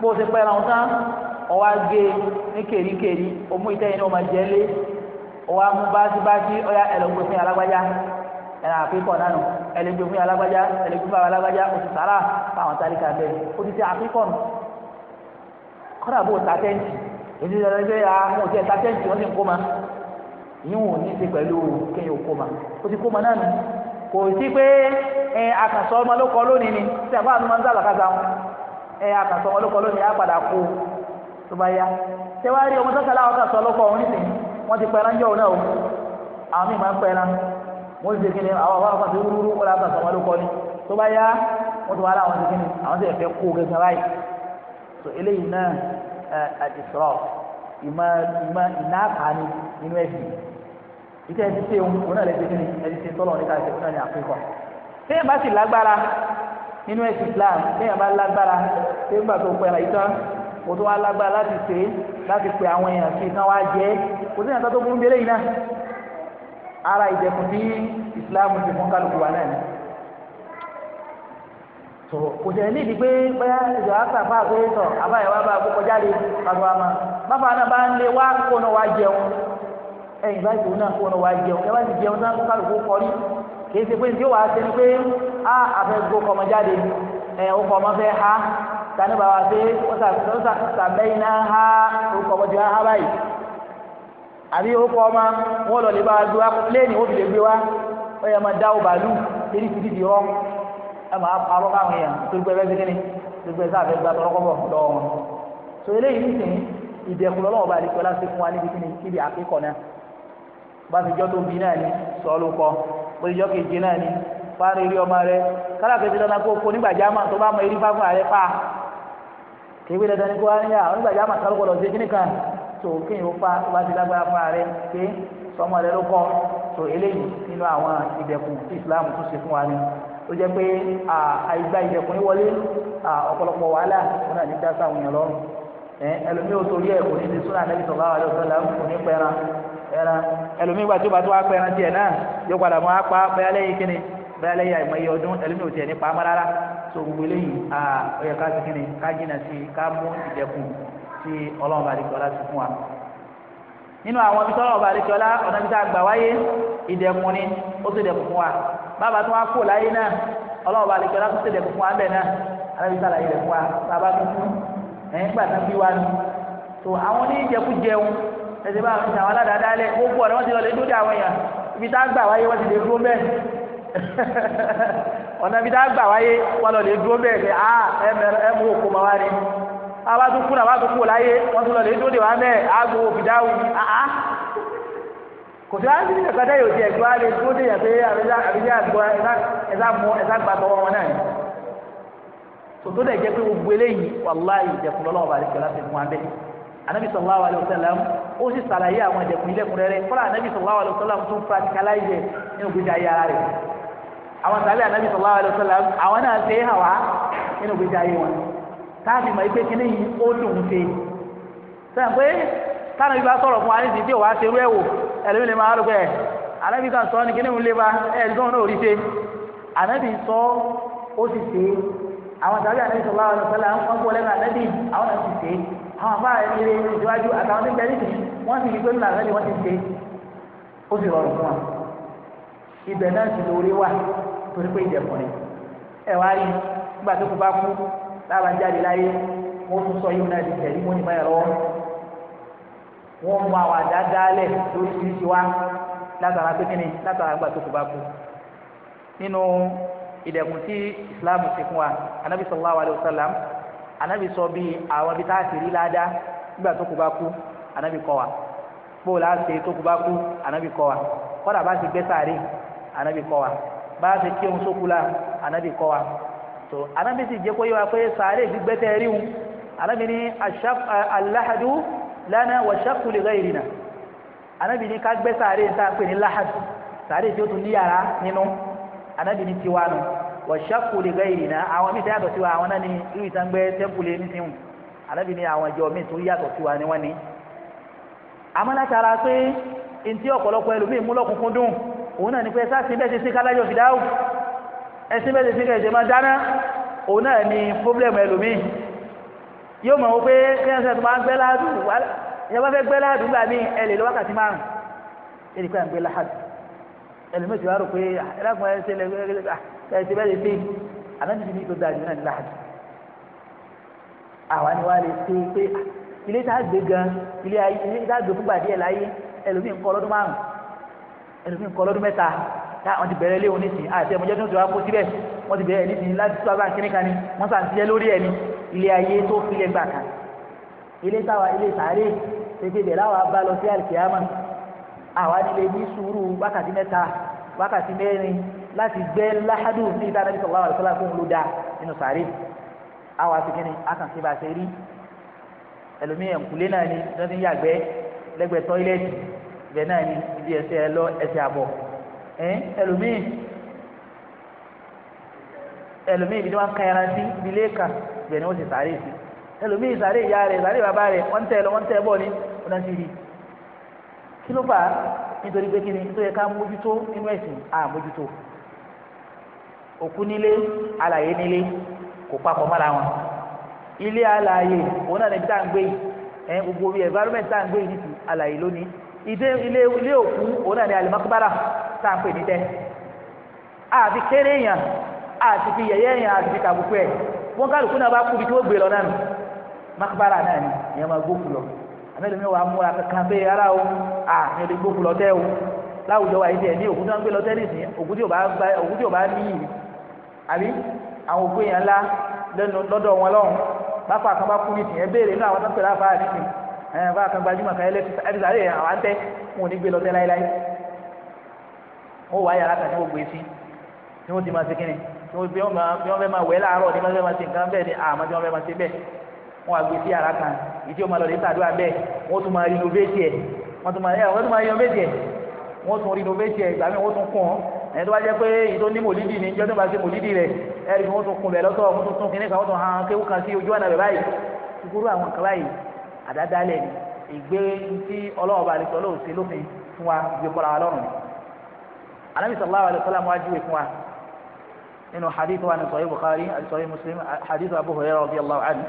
bó ṣe pẹ ẹran tán ọ wá gé ní kèríkèrí ó mú ìtẹ́yìn náà máa jẹ lé ó wá mú báṣíbáṣí ó yá ẹlẹ́gbẹ́ fún alágbájá ẹran àkíkọ̀ náà nù ẹlẹ́gbẹ́ fún alágbájá ẹlẹ́gbẹ́ fún alágbájá oṣù sàrà fáwọn tálíkà bẹ́ẹ̀ ó ti ṣe àkíkọ̀ nù kọ́dà bó ta tẹ́ǹtì èdè ìdàgbẹ́ àwọn òṣèlú ta tẹ́ǹtì wọ́n sì kó máa yíwọ̀n ò ní ṣe pẹ̀lú kéèyàn kó ma ó ti kó ma náà nì kò sí pé ẹ àkànṣọ ọmọ ló kọ lónìí ni tí àbá àti máa ń sá àlàkàtà wọn ẹ àkànṣọ ọmọ ló kọ lónìí á padà kó tó bá yá ṣé wàá rí ọmọ tó sálá àwọn àkànṣọ ọlọ́kọ ọ̀hún nìsín wọ́n ti pẹ́ran jọ́ náà o àwọn míì máa ń pẹ́ran wọ́n ti ṣe kí ni àwọn àwọn àkànṣọ rúrú wọ́n àkànṣọ ọmọ ló kọ ni tó bá yá wọ́n ti wá láwọn ti kí àwọn ti ẹ̀fẹ́ kó gẹ́gẹ́ báyìí so eléyìí náà àdìsọ́rọ̀ ìmọ̀ ìmọ̀ ìnáàkàní nínú ẹ̀sìn ìtẹ́ ẹni tí òun òun náà lè ṣe kíni ẹni tí tọ́lọ̀ níta ẹ̀ṣẹ̀ fúnra ní àfikọ́ téèyàn bá sì lágbára nínú ẹ̀sìn Islam téèyàn bá lágbára téèyàn bá tó pẹ́ ara ìtàn kò tó wá lágbára láti ṣe láti pe àwọn èèyàn sí kan wá jẹ́ kò sí ìyàtọ̀ tó burú délé yìí náà ara ìjẹ̀kùn tí Islam ti fún kálukú wa náà ni tó kò jẹ́ níbi pé bóyá ìjọ àtàfà pé tọ̀ àbáyọ̀ wá bá kó kọjá lé pàtó ẹ ìgbàgbọ́ náà kó wọn wá jẹun ẹ bá ti jẹun náà kó kálukú kọrí kì í ṣe pé yóò wá ṣe ni pé a àfẹ gbó kọmọ jáde ẹ ọkọ ọmọ fẹ ha tani bàbá pé ó sàmẹ́yìn náà ha orúkọ ọmọ ti ha báyìí àbí orúkọ ọmọ wọn lọ lè bá a gbé wa léènì ó fi lè gbé wa ó yẹ máa dá o bàálù eré ti dìdì rọ ẹ máa parọ́ káwọn èèyàn tó gbé ẹgbẹ́ kékeré tó gbé sáà fẹ́ gba tọrọkọ́bọ̀ lọ́wọ́ wọn. so eléyìí nìsín ìdẹ̀kùn lọ́wọ́ bá a lè kí ọlá sí fún wa níbi kíni kíbi àkíkọ̀ náà bá ti jọ́ tó bí náà ni sọ́ọ́lù kọ́ bó ti jọ́ kejì náà ni fárí rí ọmọ rẹ kálá kejì dandan kó kó nígbàjámà tó bá mọ eré fáfún àrẹ pa kéwé dandan ni kó wá níyà onígbàjámà kálukọ lọ sí kíní kan tó kéyìn ó fa tó bá ti lágbára fún àrẹ ké sọmọ rẹ ló kọ tó eléyìí nínú àwọn ìdẹkùn tí Islam tún ṣe fún wa ni ó jẹ pé àìgbà ìdẹkùn wọlé ọ̀pọ̀lọpọ̀ wàhálà wọn náà ní dá sáwọn èèyàn lọ́rùn ẹlòmíì ó torí ẹ̀ kò ní ti súnà nẹ́bí sọ̀rọ̀ àwọn àlẹ́ òṣèlú ẹran ẹlòmíì gbà tó bá tó wá pẹ́ ẹran tiẹ̀ náà yóò padà mọ́ apá bẹ́ẹ̀ lẹ́yìn kíni bẹ́ẹ̀ lẹ́yìn àìmọye ọdún ẹlòmíì ò tiẹ̀ nípa mọ́ rárá tó gbogbo eléyìí à ó yẹ ká sí kíni ká jìnà sí ká mú ìdẹ̀kùn tí ọlọ́run bá rí kọ́lá sí fún wa nínú àwọn ibi tọ́lọ̀ ọba àdékọ́lá ọ̀nà ibi tá a gbà wáyé ìdẹ̀kùn ni ó sì dẹ̀kùn fún wa bàbá tó wá kó láyé náà ọlọ́ọ̀ba àdékọ́lá tó sì dẹ̀kùn fún wa bẹ́ẹ̀ náà alábi sàlàyé dẹ̀kùn wa bàbá tuntun ẹ̀yìn gbà tán bí wa ni tó àwọn oníjẹkújẹun ẹsẹ̀ bá àwọn àwọn aládàáda lẹ̀ gbogbo ọ̀nà wọn ti lọ lè dúdú àwọn èèyàn ibi tá a gbà wáyé wọn ti lè dúró bẹ́ẹ̀ ọ̀nà ibi tá a gbà wáyé wọn lọ lè dúró bẹ́ẹ̀ pé a ah, ẹ mú òkú ma wá rí àwa tún kúrò àwa tún kúrò láyé wọn tún lọ lè dúró dè wá mẹ́ẹ̀ àgbo òfìdáwù àá ah, ah. kò sí láti nígbà kan dáyọ̀ tiẹ̀ gbọ́ alẹ́ dúró dè yàn pé àbíjá àgbọ̀ ẹ̀sà mú ẹ̀sà gbà tọwọ́ wọn náà tòtò dẹ̀ jẹ́ pé gbogbo eléyìí wàláhì ìjẹ̀kùn lọ́wọ́ bàálẹ̀ kẹ́lá ti fún wa bẹ́ẹ̀ anábì sallallahu alaihi wasallam ó sì ṣàlàyé àwọn ìjẹ̀kùn ilẹ̀kùnrẹ́rẹ́ fọlá anabi sallallahu alaihi wasallam tún practicalize nínú gbèjà ayé ara rẹ̀ àwọn sàlẹ̀ anabi sallallahu alaihi wasallam àwọn náà ṣe é hàn wá nínú gbèjà ayé wọn káàbì mọ̀ pé kíní yìí ó dùn ṣe sẹ́yìn pé táwọn ibi bá sọ̀rọ̀ fún wa ní ìsìn tí ò wá ṣerú ẹ̀ wò ẹ̀lẹ́mi lè máa rò pé anabi kan sọ ni kíní ń léba ẹ̀ẹ́dì tó ń náà rí ṣe anabi sọ ó sì ṣe àwọn sàlẹ̀ anabi sallallahu alaihi wasallam ń àwọn àbá ẹni ìṣíwájú àtàwọn tó ń tẹ́lẹ̀ sí wọ́n sì rí pé ńlá rẹ̀ ni wọ́n ti ṣe ó sì rọrùn fún wa ibẹ̀ náà sì lóore wà torí pé ìjẹ̀kùnrin ẹ wá rí nígbà tó kú bá kú lába jáde láyé wọ́n tún sọ yóò náà di tẹ̀lé mọ́ni máa rọ wọ́n mú àwọn àdá dálẹ̀ lóríṣiríṣi wá látara pé kíni látara nígbà tó kú bá kú nínú ìdẹ̀kùn tí ìsìláàmù ti fún wa anábì anabi sọ bíi àwọn ibi tá a ti rí ládàá nígbà tó kú bá kú anabi kọ́ wa bóò láti tó kú bá kú anabi kọ́ wa kọ́dà bá ti gbé sáré anabi kọ́ wa bá ti kí ohun sókú la anabi kọ́ wa tó anabi sì jẹ́ kó yẹ wa pé sáré gbígbẹ́ tẹ́ rí wọn anabi ní alahadu lana wa shaqqu li anabi ní ká gbé sáré tá a ní lahadu sáré tí ó tún ní yàrá nínú anabi ní tiwa nù wọ̀ṣàkùlì bẹ́ẹ̀ yìí ná àwọn míì yàtọ̀ sí wa àwọn náà ni irú ìtàngbẹ́ tẹ́kùlì nísìnyìí àlẹ́bí ni àwọn ìjọ míì tó yàtọ̀ sí wa ni wọ́n ní. àmọ́ látara pé ntí ọ̀pọ̀lọpọ̀ ẹlòmíì mú lọ́kùnkún dùn òun náà ni pé sáà síbẹ̀ ti sí kálájọ́ fìdáwù ẹ síbẹ̀ ti sí kẹ̀sẹ̀ máa dáná òun náà ni pọ́blẹ́mù ẹlòmíì yóò mọ̀ pé kí ẹ̀sẹ̀ máa ń gbẹ́ kẹsì bẹ́ẹ̀ lè ṣe ànábìsí ní tó dájú náà láàbì àwa ni wàá lè ṣe pé ah, ilé tá a gbé gan ilé ayé ilé tá a gbé fúngbà díẹ̀ láyé ẹlòmíì ń kọ́ lọ́dún márùn ẹlòmíì ń kọ́ lọ́dún mẹ́ta wọ́n ti bẹ̀rẹ̀ léwu nísìnyí àti ẹ̀mọ́jọ́ tó ti wá kó síbẹ̀ wọ́n ti bẹ̀rẹ̀ nísìnyí láti tó abá kíníkan ni wọ́n sàn ti yẹ lórí ẹ̀ ni ilé ayé tó filẹ̀ gbà ní sùúrù wákàtí mẹ́ta wákàtí mẹ́rin láti gbẹ́ láhádù ní ìta nàbí sọ̀rọ̀ àlùfáà fún un ló dáa nínú sàárè àwọn asikini akànṣe bá ṣe rí ẹlòmíì ẹ̀ǹkulé náà ni wọ́n ti ń yàgbẹ́ lẹ́gbẹ̀ẹ́ tọ́ílẹ́ẹ̀tì ibẹ̀ náà ni ibi ẹsẹ̀ ẹ lọ ẹsẹ̀ àbọ̀ ẹlòmíì ẹlòmíì ibi tí wọ́n ń kan ẹran sí ibi ilé kan ibẹ̀ ni wọ́n ti sàárè sí ẹlòmíì sàárè ìyá rẹ̀ sàárè bàbá rẹ̀ wọ́n tẹ̀ lọ wọ́n tẹ̀ bọ̀ ni wọ́n náà ti rí kí ló fà á nítorí pé kí ni nítorí ká mójútó nínú ẹ̀sìn àmójútó òkú nílé alàyè nílé kò papọ̀ mọ́ra wọn ilé alàyè òun náà níbi tá à ń gbé yìí ẹ gbogbo bíi environment tá à ń gbé yìí nìtú alàyè lónìí ìdé ilé ilé òkú òun náà ní alimakubara tá à ń pè ní tẹ àti kéré èèyàn àti fi yẹyẹ èèyàn àti fi kàbùkù ẹ wọn kálukú náà bá kú bí tí wọn gbé lọ náà makubara náà ni ìyẹn máa gbókù lọ àmẹ́lẹ́ mi wà á múra kankan bẹ́ẹ̀ ara o à ní ẹni gbókù lọ tẹ́ o láwùjọ wa yìí tẹ̀ ní òkú tí wọ́n gbé lọ tẹ́ àbí àwọn òkú èèyàn ńlá lẹ́nu lọ́dọ̀ wọn lọ́hùn bápá kan bá kú ní ìsìn ẹ béèrè nínú àwọn tó ń pè láfa àdìsìn ẹ bá kan gbajúmọ̀ kan ẹlẹ́sìn ẹlẹ́sìn àlẹ́ àwọn àńtẹ́ wọn ò ní gbé lọ tẹ́ láéláé wọn wà á yàrá kan tí wọn gbé sí tí wọn ti máa ṣe kíni tí wọn bí wọn fẹ́ máa wẹ̀ láàárọ̀ tí wọn fẹ́ máa ṣe nǹkan bẹ́ẹ̀ ni àmọ́ tí wọn fẹ́ máa ṣe bẹ́ẹ̀ wọn àgbè sí yàrá kan ìdí wọn máa lọ lè ṣàdúrà bẹ́ẹ̀ wọn tún máa rinovate ẹ wọn tún máa rinovate ẹ wọn tún rinovate ẹ ìgbà mi wọn tún kún ọ ẹni tó bá jẹ́ pé èyí tó ní mòlídìí ní ìjọ tó bá ṣe mòlídìí rẹ̀ ẹ̀rí wọn tó kun rẹ̀ lọ́tọ̀ wọn tó tún kínní kan tó hàn kéwù kan sí ojú ọ̀nà rẹ̀ báyìí kúkúrú àwọn kan báyìí àdádálẹ̀ ni ìgbé tí ọlọ́ọ̀bà àlùsọ lóò ṣe lófin fún wa gbé kọ́ra wa lọ́rùn Ànábì sallallahu alaihi wasallam wá júwe fún wa nínú hadith wa ní sahih Bukhari àti sahih Muslim hadith Abu Hurairah radiyallahu anhu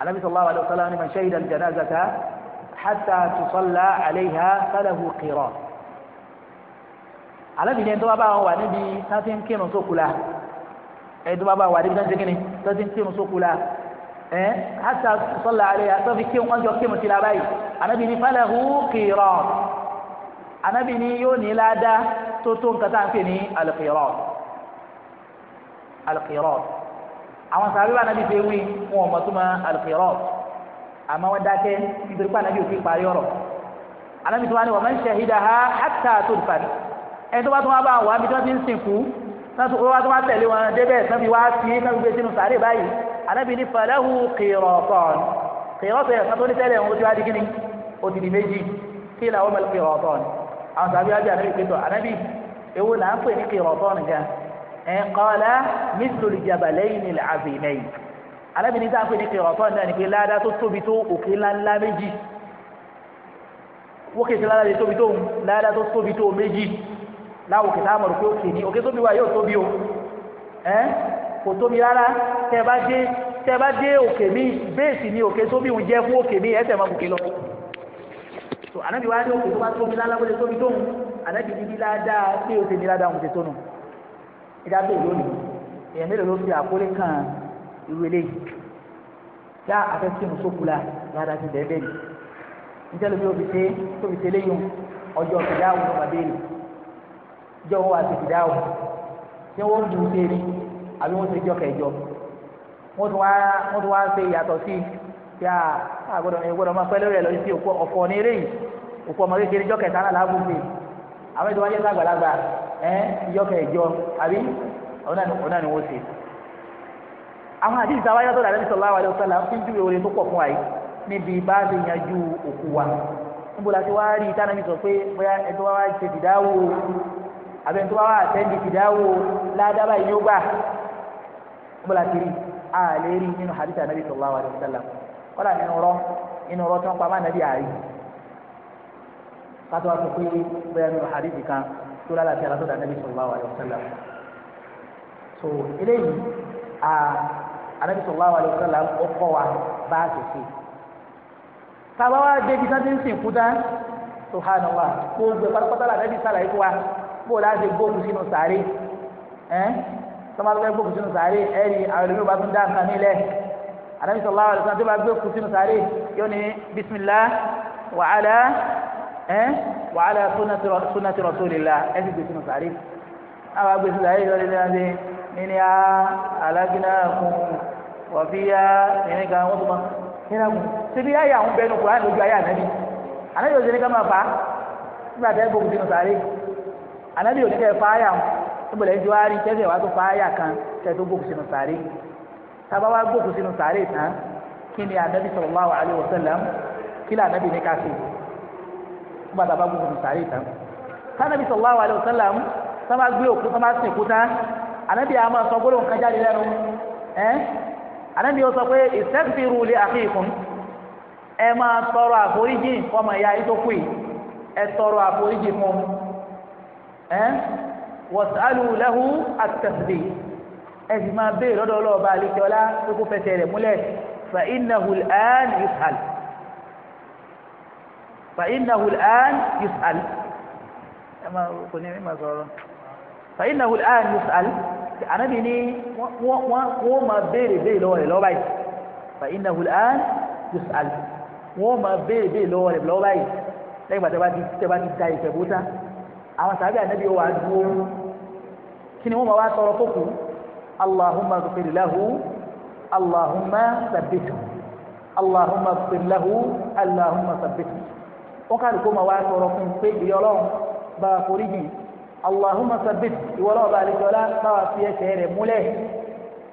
Ànábì sallallahu alaihi wasallam ní man shahida al-janazata hatta tusalla alaiha falahu qirat alábìyẹn tó bá bá wà níbi tá ti ń kírun sókù la ẹ tó bá bá wà níbi tá ti ń kírun tó ti ń kírun sókù la ẹ hasa sọlá alẹ yà tó fi kírun wọn jọ kírun sí la báyìí anabi ni falahu qiran anabi ni yóò ní ládàá tó tó nǹkan tá à ń pè ní alqiran alqiran àwọn sàbíbà anabi fi wí wọn ò tó ma alqiran àmọ́ wọn dákẹ́ nítorí pé anabi ò parí ọ̀rọ̀ anabi tó wá ní wọn máa ń ṣe àhídà ha hàtà tó fà ẹni tó bá tún wá bá wà bí tí wọ́n ti ń sìnkú wọ́n tó wá tẹ̀lé wọn débẹ̀ tán fi wá sí náà gbé sínú sàárè báyìí anábì ní falahu qiratan qiratan ẹ̀sán tó ní tẹ́lẹ̀ òun ti wá di kíni ó ti di méjì kí làwọn mọ̀ qiratan àwọn sàbí wájú anábì pétọ̀ anábì èwo là ń pè ní qiratan nìkan ẹ̀ qala mithlu al ní láwo kìtà àmọ̀rò pé ó kè ní òkè tóbi wa yóò tóbi o ẹ kò tóbi rárá tẹ bá dé òkè mi béèsì ni òkè tóbi ń jẹ fún òkè mi ẹsẹ̀ máa gòkè lọ. tó ànábi wa ní òkè tó bá tóbi lálá wọlé tóbi tóun ànábi níbi ládàá tí o ti ní ládàá òun ti ìdá tó lónìí èèyàn mélòó ló fi àkólé kan ìwé lé yá afẹ́sí musokula ládàá ti bẹ́ẹ̀ bẹ́ẹ̀ ni jọ wọn àti ìdáhùn tí wọ́n dùn sí eré àbí wọ́n ṣe jọ kẹjọ wọ́n tún wá wọ́n tún wá ṣe ìyàtọ̀ sí kí a àgbọ̀dọ̀ ní gbọ́dọ̀ máa pẹ́ lórí ẹ̀ lọ sí òkú ọ̀fọ̀ ní eré yìí òkú ọmọ kékeré jọ kẹta náà láàbù sí àwọn ìjọba jẹ́ sàgbàlagbà ẹ̀ jọ kẹjọ àbí ọ̀nà ni wọ́n ṣe. àwọn àdìsí sáwá yàtọ̀ làbẹ́ sọ̀lá wa lọ́sọ̀ là ń fi tó pọ̀ fún wa yìí níbi bá a yanjú òkú wa níbo la ti wá rí ìtànàmì sọ pé bóyá ẹjọ́ abẹ́ntu wa àtẹ́ndì fìdáwò ládàbà yìí ó gbà ọmọlá kiri a lè rí nínú hadith anabi sallallahu alayhi wa sallam kọ́lá nínú rọ nínú rọ tí wọ́n pa má nàbí àárí kátó wa sọ pé bẹ́ẹ̀ nínú hadith kan tó lálàáfíà látọ̀ dà anabi sallallahu alayhi wa sallam so eléyìí a anabi sallallahu alayhi wa sallam ó wa bá a tètè tábà wa débi sáté ń sìn kúta subhanallah gbogbo pátápátá la anabi sàlàyé fún wa bó láti gbókù sínú sàárè ẹ́ tọ́mọ́tò bá gbókù sínú sàárè ẹ́ ní àwọn ènìyàn bá tún dá nǹkan nílẹ̀ àdàbí sọ̀rọ̀ àwọn àdàbí tó bá gbókù sínú sàárè yóò ní bisimilá wàhálà ẹ́ wàhálà sunnati rasulillah ẹ́ sì gbé sínú sàárè àwọn agbé sínú sàárè yóò lè ní nínú ya alágínà kún wọ̀fí ya nínú kan wọ́n tó mọ́ nínú kún síbi ayé àwọn bẹ́ẹ̀ ní kúrò àná anabi ò ní kẹ́ fáyà níbo lẹ́yìn tí wàá rí kẹ́sẹ̀ wàá tó fáyà kan kẹ́ tó gbókù sínú sàárè tábà wàá gbókù sínú sàárè tán kí ni anabi sallallahu alaihi wasallam kí ni anabi ní ká ṣe nígbà tábà gbókù sínú sàárè tán tánabi sallallahu alaihi wasallam sábà gbé òkú sábà sìn kú tán anabi àmọ́ sọ gbólóhùn kan jáde lẹ́nu ẹ́ anabi ó sọ pé istaghfiru li akhikum ẹ máa tọrọ àforíjì fọmọ ẹ́ wọ̀sálù lẹ́hu àtẹ̀sídẹ̀ ẹ sì máa béèrè lọ́dọ̀ ọlọ́ọ̀ba àlekẹ́ọ́lá pé kó fẹsẹ̀ rẹ̀ múlẹ̀ fa innahu al-an yus'al fa innahu al-an yus'al ẹ máa kò ní ẹ máa sọ̀rọ̀ fa innahu al-an ànábì ni wọ́n máa béèrè béèrè lọ́wọ́ rẹ̀ lọ́wọ́ báyìí fa bá ti da ìfẹ́ bó tán àwọn sàbí ànábì wà dúró kí ni wọ́n máa wá tọrọ fókù allahumma ghfir lahu allahumma thabbithu allahumma ghfir lahu allahumma thabbithu wọ́n kárí kó máa wá tọrọ fún pé ìyá ọlọ́run bá a forí jì allahumma thabbithu ìwọ bá a lè jọlá bá a fi ẹsẹ̀ rẹ̀ múlẹ̀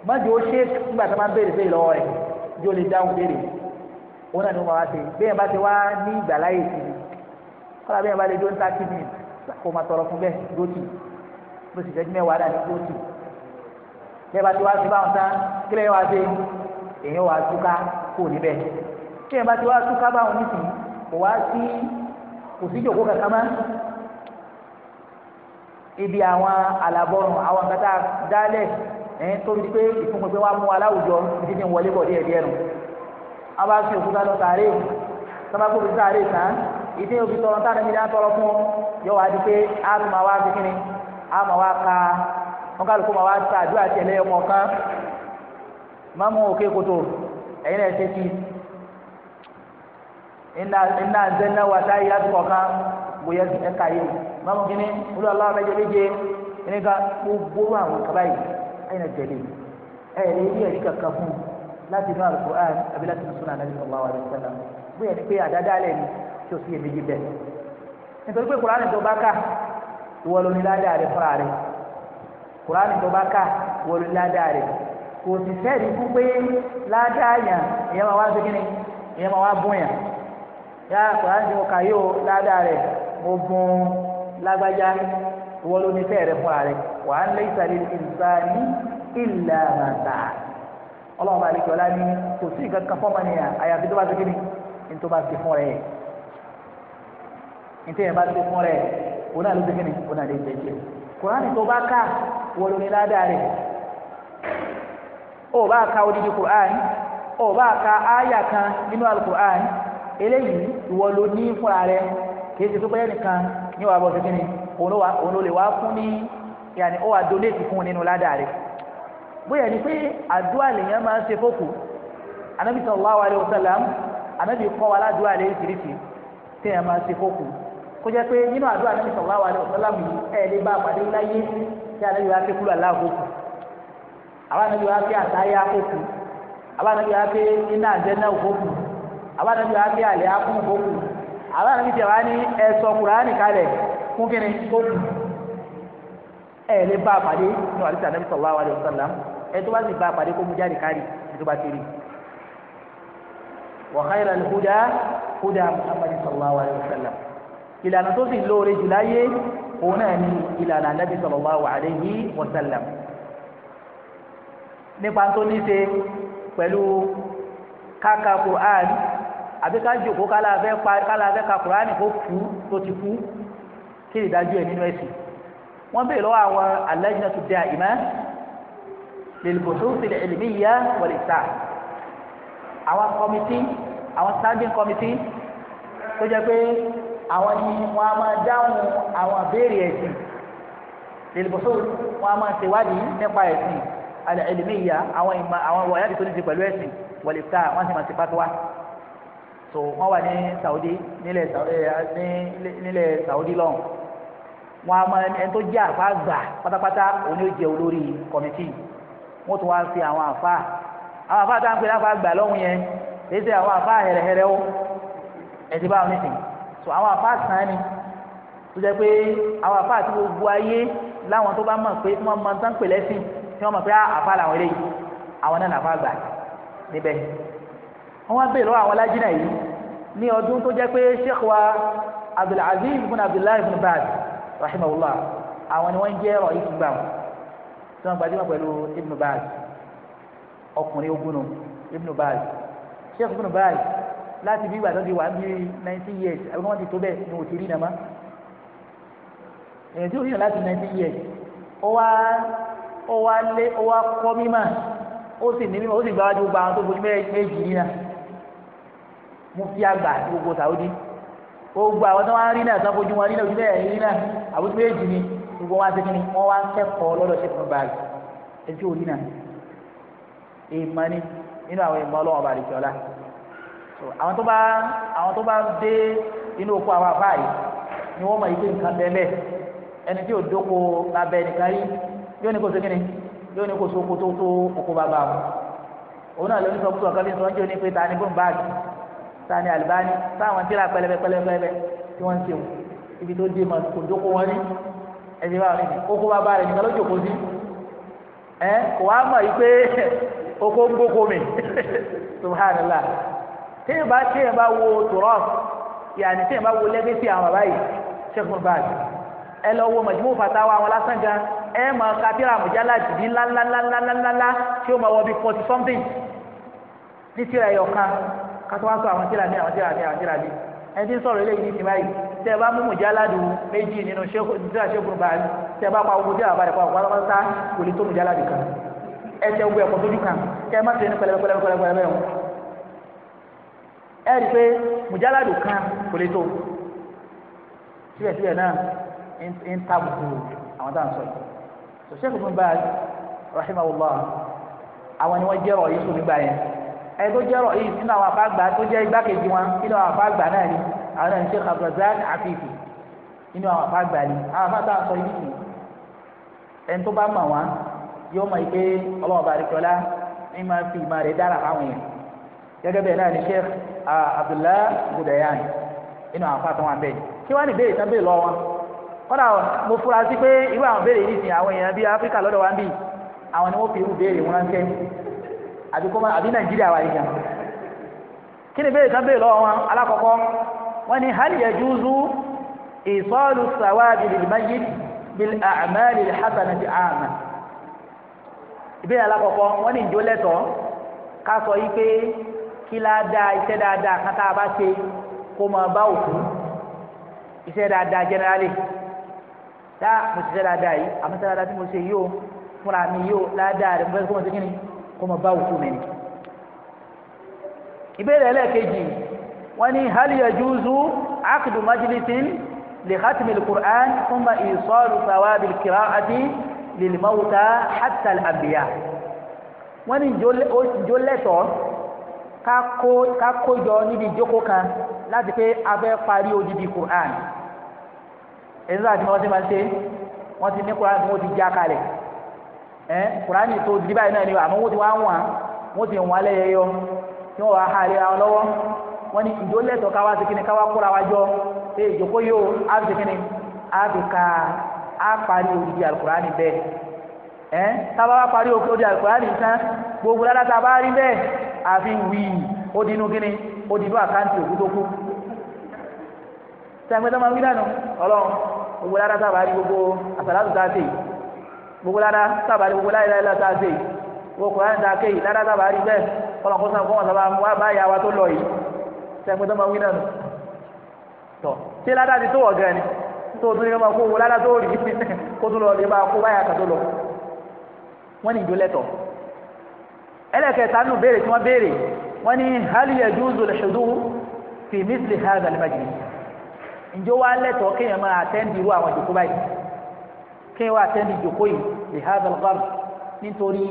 má jò ó ṣe é nígbà tó máa ń béèrè béèrè lọ́wọ́ rẹ̀ jò lè dáhùn béèrè òun náà ni wọ́n máa wá ṣe bẹ́ẹ̀ bá ti wá ní ìgbàláyè sí i kọ́lá bẹ́ẹ̀ bá lè jó ń ta kí ni kó máa tọrọ fún bẹ́ẹ̀ gòtì bó sì fẹ́ẹ́ mẹ́wàá dàní gòtì bẹ́ẹ̀ bá ti wá sí báwọn tán kílẹ̀ yóò wá dé èèyàn wá túká kó níbẹ̀ tí èèyàn bá ti wá túká báwọn nísìnyí kò wá sí kò sí ìjòkó kankan mọ́ ibi àwọn àlàbọ̀rùn àwọn nǹkan tá a dálẹ̀ ẹ̀ tóbi pé ìfúnpẹ́pẹ́ wa mú aláwùjọ títí ní wọlé bọ̀ díẹ̀díẹ̀ nù a bá fi òkúta lọ sàárè sábà kó fi sàárè tán ìdí òbí tọrọ tá ànábi dá tọrọ fún yọ wá di pé a tún máa wá sí kínní a máa wá ka wọn kálukú máa wá sa àdúrà tiẹ̀ lẹ́yọ kọ̀ọ̀kan má mú òkè kòtò ẹ̀yin náà ṣe ti iná iná zẹ́nà wà táyé láti kọ̀ọ̀kan bóyá ẹ̀ka yìí má mú kínní olú aláwọ̀ méje méje ẹni ká gbogbo àwọn kaba yìí ẹ̀yin náà tẹ̀lé ẹ̀yẹ ilé ẹ̀rí kankan fún láti inú Al-Qur'an àbí láti inú sunnah Nabi sallallahu alaihi wasallam bóyá ni pé àdáda alẹ́ tí ó sì èméjì bẹ́ẹ̀ nítorí pé kùránì tó bá kà ìwọ ló ní ládàá rẹ fúnra tó bá kà ìwọ ló ní kò sì sẹ́ẹ̀dì pé máa wá máa wá bún yá mo yóò mo bún lágbájá rẹ rẹ wà á lé ìsàlẹ̀ ìlà màtà ọlọ́run bá lè jọ kò nítorí ẹ̀ bá ti fún rẹ̀ òun náà ló ti kíni òun náà lè jẹ jẹ kùránì tó bá ká wọ lórí ládàá rẹ̀ ó bá ka odidi kùránì ó bá ka áyà kan nínú alukùránì eléyìí ìwọ ló ní fúnra rẹ̀ kì í ṣe pípẹ́ nìkan ní wàá bọ̀ sí kíni òun ló lè wá fún ní yàní ó wà donate fún un nínú ládàá rẹ̀ bóyá ni pé àdúrà lèèyàn máa ń ṣe fókù anabi sallallahu alaihi wasallam anabi kọ́ wa ládùúgbò àlẹ́ ìṣiríṣi téèyàn máa ń ṣe fókù kó jẹ́ pé nínú àdúrà ní sọ̀rọ̀ àwọn àdúrà sọ́lámù ẹ̀ lè bá àpàdé láyé tí àlejò wa ké kúrò aláàbò kù àwọn àlejò wa ké àtàyà òkú àwọn àlejò wa ké iná àjẹnà òkú àwọn àlejò wa ké àlẹ́ akún òkú àwọn àlejò tí a wá ní ẹ̀sọ́ kùránì kalẹ̀ fún kíni òkú ẹ̀ lè bá àpàdé nínú àdúrà ní sọ̀rọ̀ àwọn àdúrà sọ́lámù ẹ̀ ìlànà tó sì lóore jù láyé òun náà ni ìlànà anábì sallallahu alayhi wa sallam nípa tó ní ṣe pẹ̀lú káka Qur'an àbí ká jòkó kálàfẹ́ kálàfẹ́ ka Qur'an kó kú tó ti kú kí ìdájọ́ ẹ̀ nínú ẹ̀sìn wọ́n bèèrè lọ́wọ́ àwọn al-lajnatu da'ima lil-buhuth al-ilmiyya wal-ifsah àwọn kọmití àwọn standing committee tó jẹ́ pé àwọn ni wọn a máa dáhùn àwọn àbéèrè ẹ̀sìn lèlùbọ̀sọ̀ wọn a máa ṣèwádìí nípa ẹ̀sìn alẹ́lẹ́mẹ́yà àwọn ìmọ̀ àwọn wọ̀nyá ti tó ní ti pẹ̀lú ẹ̀sìn wọlé ta wọn sì máa ṣe pátá wa so wọn wà ní Saudi nílẹ̀ eh, nílẹ̀ Saudi lọ́hùn wọn a máa ẹni tó jẹ́ àfa gbà pátápátá òní ó jẹ́ olórí kọ̀mìtì wọn tún wá fi àwọn àfa àwọn àfa táwọn pè láfa gbà lọ́hùn yẹn èyí sẹ́ àwọn àfa hẹ̀rẹ̀hẹ̀rẹ̀ ó ẹ̀sìn so àwọn àfa sàn ni tó jẹ́ pé àwọn àfa àti gbogbo ayé láwọn tó bá mọ̀ pé wọ́n mọ tán pè lẹ́sìn tí wọ́n mọ̀ pé ah, àfa làwọn eléyìí àwọn náà làfa gbà níbẹ̀ wọ́n wá bèèrè lọ́wọ́ àwọn alájínà yìí ní ọdún tó jẹ́ pé sheikh wa abdulaziz ibn abdullahi ibn baz rahimahullah àwọn ni wọ́n ń jẹ́ ọ̀rọ̀ yìí tún gbà wọn tí wọ́n gbajúmọ̀ pẹ̀lú ibn baz ọkùnrin ogun nù ibn baz sheikh ibn baz láti bí ìgbà tó ti wà bí nineteen years àbí wọ́n ti tó bẹ́ẹ̀ ni wò ti rí nàmá èyàn tí ò rí nà láti nineteen years ó wá ó wá lé ó wá kọ́ mímà ó sì ní mímà ó sì gbáwájú gba àwọn tó fojú méjì rí nà mo fi àgbà gbogbo sàwọ́dí ó gba àwọn tó wá rí nà sàn fojú wọn rí nà ojú bẹ́ẹ̀ rí nà àbójú méjì ni gbogbo wọn ti kí ni wọ́n wá ń kẹ́kọ̀ọ́ lọ́dọ̀ ṣe fún báyìí ẹ̀ tí ò rí nà èèmọ̀ ni nínú àwọn èèmọ̀ ọlọ́wọ́n bá rí ti ọlá àwọn tó bá àwọn tó bá dé inú oko àwọn àbá yìí ni wọ́n mọ̀ yìí pé nǹkan bẹ́ẹ̀ bẹ́ẹ̀ ẹni tí ò dóko lábẹ́ nìkan yìí yóò ní kó segin ni yóò ní kó so oko tó tó oko bàbá wọn òun náà lóní sọkúsọ kábí sọ ń jẹ́ onípe ta ni bóun báàgì ta ni àlùbáni táwọn tíra pẹlẹbẹ pẹlẹbẹ tí wọ́n ń ṣe wọn ibi tó dé mọ̀ kò dóko wọn ní ẹsẹ bá rẹ oko bàbá rẹ nìkan ló jòkó sí ẹ kò wá mọ̀ yìí oko ń gbóko mi subhanallah téèyàn bá téèyàn bá wo tòrọ yàní téèyàn bá wo lẹ́gẹ́sì àwọn bàbá yìí sẹ́kùn báàgì ẹ lọ wo mọ̀júmọ́ fatawa àwọn lásán gan ẹ mọ̀ kábírà àmújálá jìdí ńláńláńláńláńlá tí ó máa wọ bí forty something ní tíra ẹ̀yọ̀ kan kátó wá sọ àwọn tíra mi àwọn tíra mi àwọn tíra mi ẹni tí ń sọ̀rọ̀ eléyìí ní ti báyìí tẹ́ ẹ bá mú mùjálá dùn méjì nínú tíra sẹ́kùn báàgì tẹ́ ẹ bá pa ogun tíra bàdẹ̀ pa òkú alábàtà kò lè ogun ẹ̀kọ́ tójú kan kẹ́ ẹ má ṣe ní pẹlẹbẹ pẹlẹbẹ pẹlẹbẹ ẹ i pé mùjáládù kan kò lè tó síbẹ̀síbẹ̀ náà ń ta gbogbo àwọn tá so sheikh ibn baz rahimahullah àwọn ni wọ́n jẹ́rọ̀ yìí sùn nígbà ẹ tó jẹ́rọ̀ yìí nínú àwọn afáàgbà tó jẹ́ igbákejì wọn àwọn afáàgbà náà ni àwọn sheikh abdulrazak afifi àwọn afáàgbà ni àwọn afáàgbà sọ yìí nìyí ẹni tó bá mọ̀ wá yóò mọ̀ pé ọlọ́wọ́ bá rí kọ́lá ní máa fi ìmọ̀ rẹ̀ dára fáwọn sheikh abdullahi budayan inú àwọn afáàtàn wà bẹ́ẹ̀ kí wọ́n á ní béèrè tán béèrè lọ́wọ́ kọ́dà mo fura sí pé irú àwọn béèrè yìí sìn àwọn èèyàn bíi áfíríkà lọ́dọ̀ wa ń bì àwọn ni wọ́n fi irú béèrè wọn ránṣẹ́ àbí kọ́mọ àbí nàìjíríà wà yìí gan kí ni béèrè tán béèrè lọ́wọ́ wọn alákọ̀ọ́kọ́ wọ́n ní hal yajuzu ìsọ́ọ̀lù sàwáàbì lìlmáyé bil a'mali hasanati àmà ìbéèrè alákọ̀ọ́kọ́ wọ́n ní ìjólẹ́tọ̀ ká sọ yìí pé kí ládàá iṣẹ́ dáadáa kan tá a bá ṣe kó máa bá òkú iṣẹ́ dáadáa jẹ́nẹ́rálì dá mo ṣiṣẹ́ dáadáa yìí àmọ́ iṣẹ́ dáadáa tí mo ṣe yìí o fúnra mi yìí o ládàá rẹ̀ mo fẹ́ kó máa ṣe kí kó máa bá òkú mi ni. ìbéèrè ẹlẹ́ẹ̀kejì wọ́n ní hal yajuzu aqdu majlisin li khatmi quran thumma isalu thawabi al-qira'ati lil mawta hatta wọ́n ní ìjólẹ́tọ̀ọ́ ká kó jọ níbi ìjókòó kan láti pé a fẹ́ parí odidi Qur'an èyí láti wọ́n ti máa ń ṣe wọ́n ti ní Qur'an tí wọ́n ti já kalẹ̀ ẹ́ Qur'an tó di báyìí náà ni àmọ́ wọ́n ti wá wọ́n wọ́n ti wọ́n lẹ́yẹ yọ tí wọ́n wá ha lé àwọn lọ́wọ́ wọ́n ní ìjó lẹ́tọ̀ káwá sí kíni káwá kóra wájọ pé ìjókòó yóò á fi kíni á fi ka á parí odidi Al-Qur'an bẹ́ẹ̀ ẹ́ tábà wá parí odidi Al-Qur'an tán gbogbo ládàtà bá rí bẹ́ẹ̀ àfi wíì ó dinú kíni ó dinú àkáǹtì òkú tó kú sẹ́gbẹ́ tó máa wí dànù ọlọ́run gbogbo lára sábà rí gbogbo àsàlátù tá a ṣe gbogbo lára sábà rí gbogbo láyé láyé tá a ṣe gbogbo kòránì tá a ké yìí lára sábà rí bẹ́ẹ̀ kọ́nà kó sàn fọwọ́n sábà wá bá ìyá wa tó lọ yìí sẹ́gbẹ́ tó máa wí dànù tọ́ ṣé ládàá ti tó wọ̀ gan ni tó o tún lè máa kó owó ládàá tó rí kó tó lọ ẹlẹ́kẹta nù béèrè tí wọ́n béèrè wọ́n ní hali yajuzu al-hudur fi mithli hadha al-majlis ǹjẹ́ wàá lẹ́tọ̀ọ́ kéèyàn máa àtẹ́ǹdì irú àwọn ìjòkó báyìí kéèyàn wàá àtẹ́ǹdì ìjòkó yìí li hadha al-gharb nítorí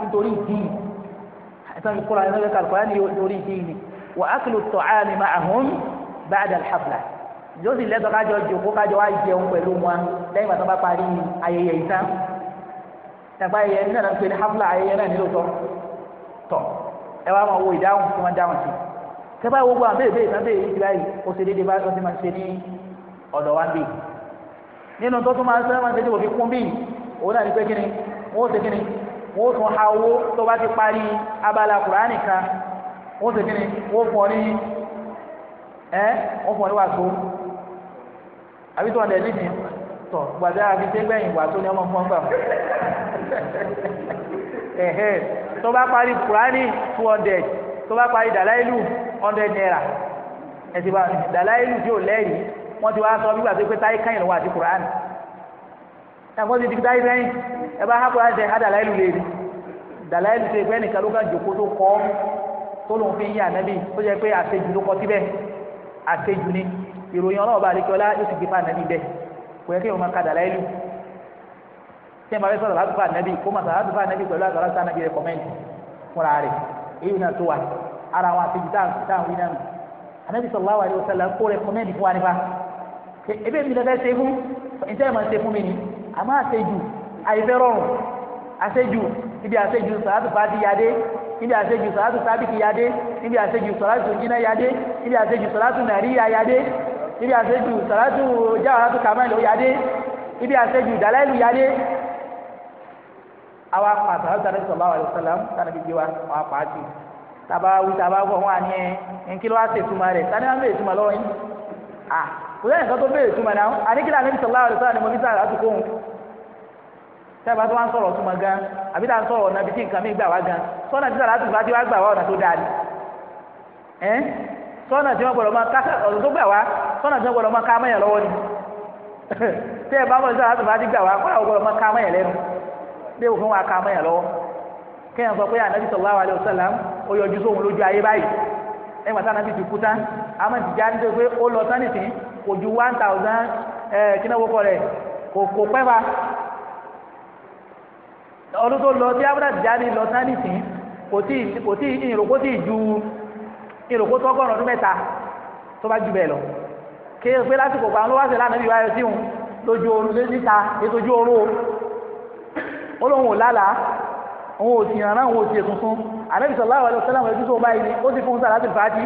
nítorí díì àtàn ìkóra ẹ̀rọ ẹ̀ka àlùkò láti nítorí díì ni wa aklu at-ta'ami ma'ahum ba'da al-hafla ǹjẹ́ ó sì lẹ́tọ̀ọ́ kájọ ìjòkó kájọ ẹ̀gbá ẹ̀yẹ ní ẹ̀rọ ń pè ní hafla ayẹyẹ náà nílò tọ́ tọ́ ẹ wá máa wo ìdáhùn tí wọ́n dáhùn sí tẹ́gbà ìwọ gbọ́ àbẹ́rẹ́ bẹ́ẹ̀ náà bẹ́ẹ̀ ìdílé ayé ó ṣe déédéé bá ó ti máa ṣe ní ọ̀dọ̀ wa bíi nínú tó tún máa ń sẹ́wọ́n ṣe tí òfin kún bíi òun náà ní pé kíni wọ́n ó ṣe kíni wọ́n ó tún ha owó tó bá ti parí abala kùránì kan wọ́n ó ṣe kíni wọ́n fún ọ ní ẹ́ wọ́n fún ọ ní wàásù àbí tó wọn dẹ̀ nídìí tọ̀ gbàdá àfi dégbẹ̀yìn wà tó ní ọmọ fún ọgbà ẹ̀hẹ́ tó bá parí Kùránì two hundred tó bá parí dàláìlù hundred naira ẹ̀sìn bá dàláìlù tí ò lẹ́rìí wọ́n ti wá sọ bí gbàgbé pé táyé káyìn lọ́wọ́ àti Kùránì ẹ̀fọ́n ti di táyé lẹ́yìn ẹ bá hápọ̀ láti ṣe dàláìlù lè rí dàláìlù tó ẹgbẹ́ nìkan ló ká jòkó tó kọ́ tó lòun fi ń yà nẹ́bí ó jẹ́ pé àṣejù ló kọ síbẹ̀ àṣejù ni ìròyìn ọlọ́ọ̀bá àdékọ́lá yóò ti gbé fáànẹ́bí bẹ́ẹ̀ kò yẹ kí wọn máa ka dàlẹ́ ìlú tí wọn bá fẹ́ sọ̀rọ̀ láti fa ànábì kó máa sọ̀rọ̀ láti fa ànábì pẹ̀lú àtàrà sáà ànábì rẹ̀ kọ́mẹ́ntì fúnra rẹ̀ èyí náà tó wa ara wọn àti jìtá táwọn wí náà ànábì sallallahu alaihi wasallam kó rẹ̀ kọ́mẹ́ntì fún wa nípa ebe mi lẹ́fẹ́ ṣe fún ìtẹ́ ẹ̀ máa ṣe fún mi ni àmọ́ àṣejù àìfẹ́ rọrùn àṣejù ibi àṣejù sàlátù fàdí yadé ibi àṣejù sàlátù sábìkì yadé ibi àṣejù sàlátù jìnnà yadé ibi àṣejù sàlátù nàríyà yadé ibi àṣejù sàlátù jáwàlátù kàmáìlì ó yadé ibi àṣejù dàláìlù yadé àwa pa sàlátù àti sọ̀bá wa lọ́sọ̀lá sànà bíbí wa wà pa á ti tàbá wí tàbá wọ̀ wọ́n àní ẹ̀ nkí ló wá ṣe túmọ̀ rẹ̀ sani wọn bẹ̀rẹ̀ túmọ̀ lọ́wọ́ yín à kò sẹ́yìn kan tó bẹ̀rẹ̀ túmọ̀ náà àníkìlá àmì sọ̀lá wa lọ́sọ̀lá ni mo fi sàlátù kóhun tẹ́ẹ̀bá tó wá ń sọ̀rọ̀ túmọ̀ gan àbí tá à ń sọ̀rọ̀ ọ̀nà ibi tí nǹkan mi gbà wá gan sọ́nà tí sàlátù bá ti wá gbà wá ọ̀nà tó dáa ni ẹ́ sọ́nà tí wọ́n gbọ́dọ̀ máa kásá ọ̀nà tó gbà wá sọ́nà tí wọ́n gbọ́dọ̀ máa ká mẹ́yàn lọ́wọ́ ni tí ẹ bá mọ̀ sí àtúntò àti gbà wá kọ́nà wọ́n gbọ́dọ̀ máa ká mẹ́yàn lẹ́nu bí ewu fún wa ká mẹ́yàn lọ́wọ́ kéèyàn sọ pé ànábì sallallahu alaihi wasallam ó yọjú sóhun lójú ayé báyìí ẹgbà tá ànábì ti kú tán àmọ́ ìjà ń dé pé ó lọ tán nìsín kò ju one thousand kínáwó kọ rẹ̀ kò pẹ́ bá ọdún tó lọ tí abúlé jáde lọ sáni sìn kò tí kò tí ìròkó tí ju ìròkó tọgọrùn ọdún mẹ́ta tó bá ju bẹ́ẹ̀ lọ kí pé lásìkò pa ló wá sí lánàá bíi wáyé sí òun lójú oorun lé níta ètòjú oorun o ó lóun ò lálàá òun ò sì ràn náà òun ò sì è tuntun ànábì sallallahu alaihi wasallam ẹjú tó báyìí ni ó ti fún sàlátì fàájì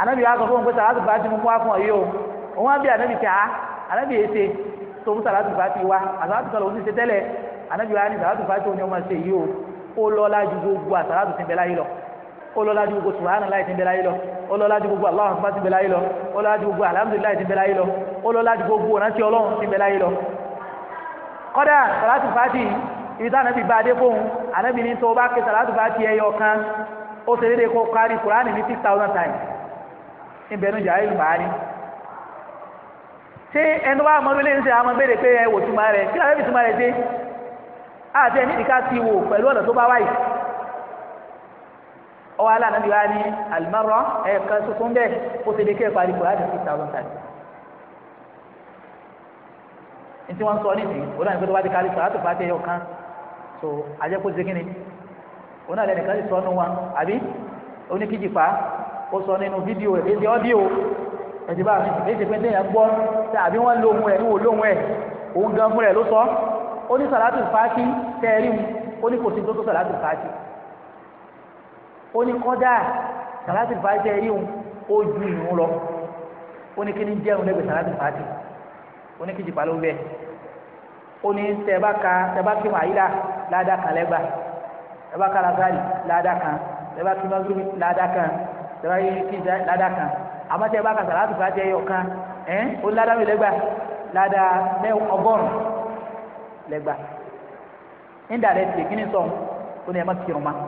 ànábì wa sọ fún òun pé sàlátì fàájì mú fún wa fún ọ yìí o òun á bí ànábì tà á ah, ànábì èsè tó mú sàlátì fàájì wa àsàlátì sọlọ òun ti ṣe tẹ́lẹ̀ ànábì wa ni sàlátì fàájì òun ni ọmọ ṣe yìí o ó lọ́lá ju gbogbo àsàlátì ti bẹ láyé lọ olóla ju gbogbo subhanallahi ti ń bẹ láyé lọ olóla ju gbogbo Allahu akbar ti ń bẹ láyé lọ olóla ju gbogbo alhamdulillahi ti ń bẹ láyé lọ olóla ju gbogbo rántí ọlọ́run ti ń bẹ láyé lọ. kọ́dà sàlátù fàtì ibi táwọn ẹbí bá a dé fóun ànábì ní tó bá ké sàlátù fàtì ẹyọ kan ó ṣe déédéé kó kárí kuraani ní six thousand times ìbẹ̀nu jà ìlú màá ní. ṣé ẹni wá mọ́ ilé ìṣẹ́ àwọn béèrè pé ẹ wò túmọ̀ rẹ̀ ọwọ́ alánàbí wa ní alimọ́rọ́ ẹ̀ka tuntun bẹ́ẹ̀ ó ti di kí ẹ̀ka àdìpọ̀ láti six thousand times. ní tí wọ́n sọ nísìnyí òun náà ní pẹ́ẹ́tọ́ bá ti kárí sọ̀rọ̀ àtúfà tẹ̀ yọ̀ kan so àjẹkù ti kíni òun náà lẹ́nu kan ti sọ nù wọn àbí oníkíjì pa ó sọ nínú fídíò rẹ̀ èdè ọ́díò ẹ̀dì bá mi èdè pé téèyàn gbọ́ àbí wọ́n lóhun ẹ̀ níwò lóhun ẹ̀ òun gan fúnra ẹ̀ ló sọ ó ní sàlátù fáàkì tẹ́ẹ̀rí mu ó ní kò sí tó tó sàlátù fáàkì Oni ní kọ́dà sàlátì fàájì ẹ̀rí òun ó ju ìrún lọ ó ní kí ni jẹun oni sàlátì fàájì ó ní kí jìpá ló bẹ́ẹ̀ ó ní tẹ̀bá ka tẹ̀bá kí wọ́n àyílá ládàá kan lẹ́gbàá tẹ̀bá ka lásàlì ládàá kan tẹ̀bá kí mọ́gírì ládàá kan tẹ̀bá kí ìjà ládàá kan àmọ́ tẹ̀bá ka sàlátì fàájì ẹ̀yọ̀ kan ẹ̀ ó ládàá mi lẹ́gbàá ládàá mẹ́ ọgọ́rùn lẹ́gbàá nídàá rẹ̀ tiẹ̀ kí ni sọ̀rọ̀ ó ní ẹ̀ má kírun máa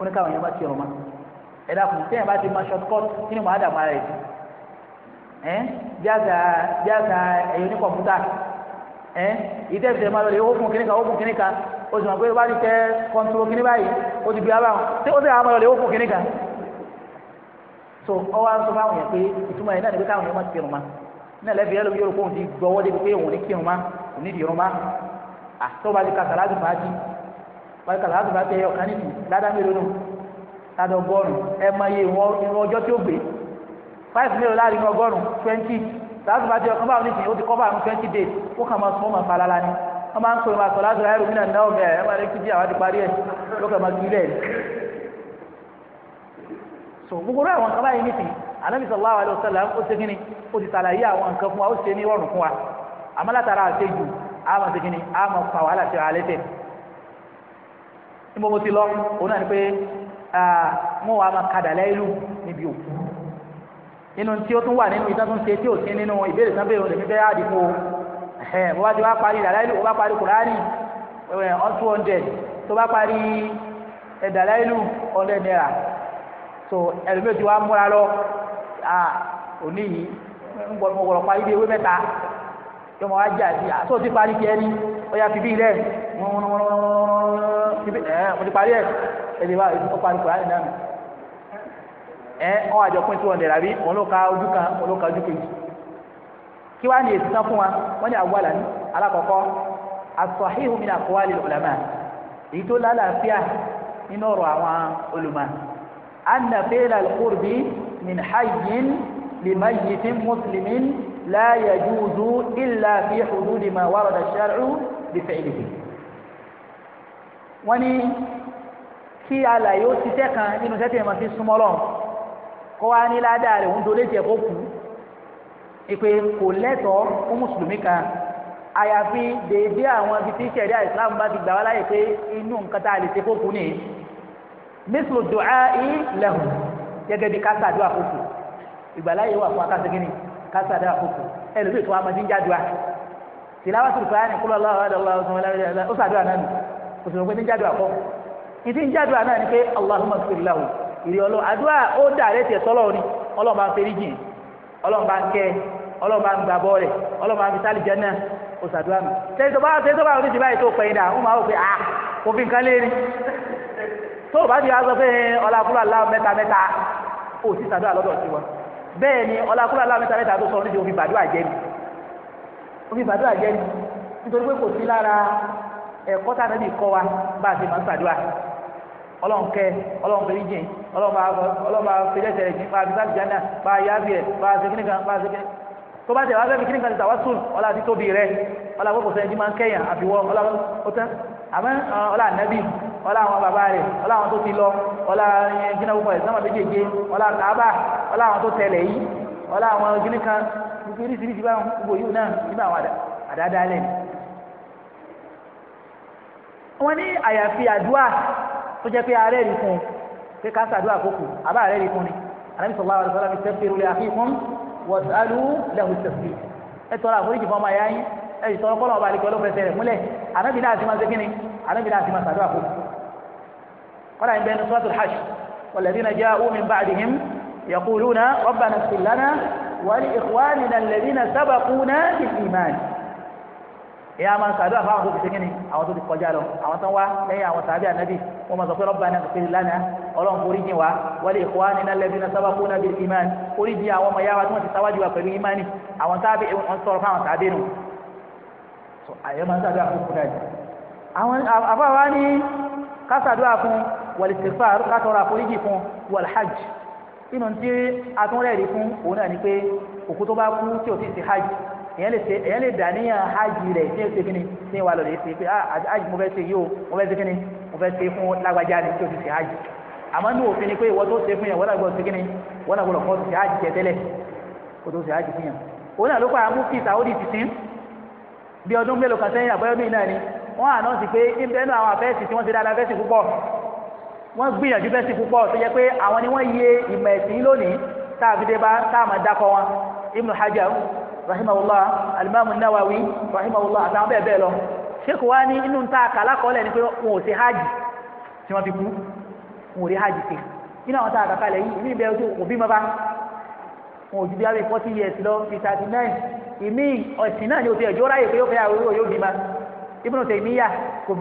ó ní káwọn yẹn bá ti ọ̀rọ̀ ma ẹ dákun tẹ́yìn bá ti ma short cut kí ni wàá dà mọ́ ara rẹ̀ ẹ jáàsà jáàsà ẹ̀yọ́ ní kọ̀m̀pútà ẹ ìtẹ́sẹ̀ máa lọ lè ó fún kíníkà ó fún kíníkà ó sì mọ̀ pé bá ti tẹ kọ́ńtúrò kíní báyìí o ti bí abá wọn tí ó sì máa lọ lè ó fún kíníkà so ọwọ́ sọ fáwọn yẹn pé ìtumọ̀ yẹn náà ni pé káwọn yẹn má ti ọ̀rọ̀ ma náà lẹ́bi yẹn lómi yóò rò pé òun ti débi pé òun ní kírun má òun ní wáyé kàlá àtúntà tẹ ọ̀kan nìkú ládàá mélòó nù ládàá ọgọ́rùn ẹ máa yẹ ìwọ ìwọ ọjọ́ tí ó gbé five mélòó láàrin ọgọ́rùn twenty láàtúntà tẹ ọ̀kan báwọn nìkú ó ti kọ́ báwọn twenty days ó kà máa sún ọmọ falala ni wọ́n máa ń pè máa sọ láti ráyè rúmínà náà ọ̀gá ẹ̀ máa létí bí àwọn ti parí ẹ̀ ló kà máa kílẹ̀ ẹ̀ so gbogbo rẹ̀ àwọn kábàáyé nìkú Ànábì sallallahu alaihi wasallam ó ṣe kíni ó ti ṣàlàyé àwọn nǹkan fún wa ó ṣe ní rọrùn fún wa àmọ́ látara àṣejù àmọ́ ṣe kíni àmọ́ fa wàhálà ṣe àlẹ́ tẹ̀ níbo mo ti lọ òun náà ni pé wọn wà máa kadà lẹ́yìn níbi òkú nínú tí ó tún wà nínú ìtàn tó ń ṣe tí ò sí nínú ìbéèrè sábẹ́ ìròyìn lèmi bẹ́ẹ̀ àdìpọ̀ ẹ̀hẹ́n mo bá ti wá parí ìdàláìlú mo bá parí kùránì one two hundred tó bá parí ìdàláìlú hundred naira so ẹlòmíì ti wá múra lọ òní yìí ń gbọ́dọ̀ parí bí ewé mẹ́ta yọmọ wá jà sí àtúntò ti parí tiẹ́ ní ó yà fi bí ilẹ̀ mo ti parí ẹ̀ ẹ̀dẹ̀ wa ó parí kùránì náà ẹ̀ ọ́ àjọ pín two hundred àbí òun ló ka ojú kan òun ló ka ojú kejì kí wàá ní èsì tán fún wa wọ́n ní àwòrán ní alákọ̀ọ́kọ́ asọ̀híhù min àkọ́wálì ọ̀làmà èyí tó lálàáfíà nínú ọ̀rọ̀ àwọn olùmọ̀ anna fẹ́lá alqurbi min hayyin limayyitin muslimin la yajuzu illa fi hududi ma warada shar'u bífẹ̀ẹ́lìkì wọ́n ní kí alàyè ó ti tẹ́kan nínú sẹ́tẹ̀ ìmọ̀ sí súnmọ́ lọ́n kó wá ní ládàá rẹ̀ ń dolé jẹ́ kó kú ìpè kò lẹ́tọ̀ọ́ fún mùsùlùmí kan àyàfi dèédé àwọn ibi tí sẹ̀rí àìsílámù bá ti gbà wá láyè pé inú nǹkan tá a lè ṣe kó kú nìyí mísùlù dùá í lẹ́hùn gẹ́gẹ́ bí kásá àdúrà kó kú ìgbàláyè wà fún akásẹ́gínì kásá àdúrà kó kú ẹlòmíì tó wà máa ti ń já dùá tìláwá tó kúránì kúlọ̀ aláwọ̀ adàlá ọ̀sán aláwọ̀ ó sàdúrà náà ni kò sì mọ̀ pé ní jádùá kọ́ ìdí ń jádùá náà ni pé Allahumma ighfir lahu ìrì ọlọ́ àdúrà ó dà rẹ̀ tiẹ̀ sọ́lọ́ ni ọlọ́run bá ń fẹ́rí jìn ọlọ́run bá ń kẹ́ ọlọ́run bá ń gbà bọ́ rẹ̀ ọlọ́run bá ń fi sálì jẹ́ náà ó sàdúrà mi tẹ́tọ́ bá tẹ́tọ́ bá oníṣẹ́ báyìí tó pẹ́yìn dà ó máa omi ìbàdúrà jẹ́ ni nítorí pé kò sí lára ẹ̀kọ́ tá a nàbì kọ́ wa bá a ṣe máa ń ṣàdúrà ọlọ́run kẹ́ ọlọ́run fèrè jìn ọlọ́run bá fèrè ẹsẹ̀ rẹ̀ jìn bá a fi sáà jìnnà bá a yá bí rẹ̀ bá a ṣe kíni kan bá a ṣe kíni tó bá tẹ̀ wá fẹ́ fi kíni kan ti tàwásùn ọlá àti tóbi rẹ̀ ọlá àkókò sẹ́yìn tí máa ń kẹ́yìn àfiwọ́ ọlá ọtán àmọ́ ọlá ànábì ọlá àwọn bàbá rẹ̀ ọlá àwọn tó ti lọ ọlá jìnnà púpọ̀ ẹ̀sán gbogbo oríṣiríṣi bá gbogbo yìí náà nígbà àwọn àdáadáa lẹ̀ wọ́n ní àyàfi àdúrà tó jẹ́ pé ààrẹ rí fún un pé ká sàdúrà kókò àbá ààrẹ rí fún ni àrẹ́mi sọ̀rọ̀ àwọn ọ̀rẹ́sọ̀rọ̀ mi tẹ́fẹ́ rúlẹ̀ àfihàn wọ̀sálù lẹ́hùn tẹ̀sí ẹ tọrọ àforíjì fún ọmọ ayáyín ẹ sì tọrọ kọ́lọ̀ ọba àlekẹ́ ọlọ́fẹsẹ̀ rẹ̀ múlẹ̀ ànábì náà ti máa ṣe kíni ànábì náà ti máa sàdúrà kókò kọ́lá ń bẹnu sọ́tù hajj wọ̀lẹ́dínà jẹ́ omi bá àdìhìn yẹ̀kú lúna ọ̀bàna sílánà ولإخواننا الذين سبقونا بالإيمان يا من سابع فاهم في سكني أو تدي فجاله أو تنوى لا أو سابع النبي وما زفر ربنا اغفر لنا ọlọ́run forí jìn wá wọlé ìkọ́wání náà lẹ́bi náà sábà kúnlẹ̀ bíi imáni forí jìn àwọn ọmọ yàrá tí wọ́n ti sáwájú wa pẹ̀lú imáni àwọn sábà ń sọ̀rọ̀ fáwọn sábà nù. sọ àyẹ̀ máa ń sàdúrà fún kúndà jù. àwọn àfáà wa ní kásàdúrà fún wàlìsífà kásọ̀rọ̀ àforíjì fún wàlhàjì nínú tí atúnrẹ̀ rí fún òun náà ni pé òkú tó bá kú tí ò ti ṣe hajj èèyàn lè dàníyàn hajj rẹ̀ tí ó ṣe kíni tí ìwà lọ lè ṣe pé ah, hajj mo fẹ́ ṣe yìí o mo fẹ́ ṣe kíni mo fẹ́ ṣe fún lágbájá ni tí ò ti ṣe hajj àmọ́ ní òfin ni pé ìwọ tó ṣe fún yẹn wọ́n náà ṣe kíni wọ́n náà gbọ́dọ̀ ṣe hajj jẹ tẹ́lẹ̀ kó tó ṣe hajj fún yẹn òun náà ló pa mú kí Saudi ti sin bí ọdún mélòó kan sẹ́yìn àbọ̀yọ́dún náà ni wọ́n àná sí pé ibẹ̀ náà àwọn àfẹ́sì tí wọ́n ṣe dáadáa fẹ́sì púpọ̀ wọ́n gbìyànjú bẹ́sì púpọ̀ tó yẹ pé àwọn ni wọ́n yẹ ìmọ̀ ẹ̀sìn lónìí táàfidébá táàmà dákọ̀ wọn ibn a rahimahullah alimami nawawi rahimahullah àtàwọn bẹ́ẹ̀ bẹ́ẹ̀ lọ sheikh ní inú ta ni pé wọn ò hajj tí wọ́n fi kú wọn ò hajj inú àwọn a yìí ìmí ìbẹ̀rù tó òbí mọ́ bá wọn ò ju bí lọ nine ìmí ọ̀sìn náà ni ẹ̀jọ́ ráyè pé ó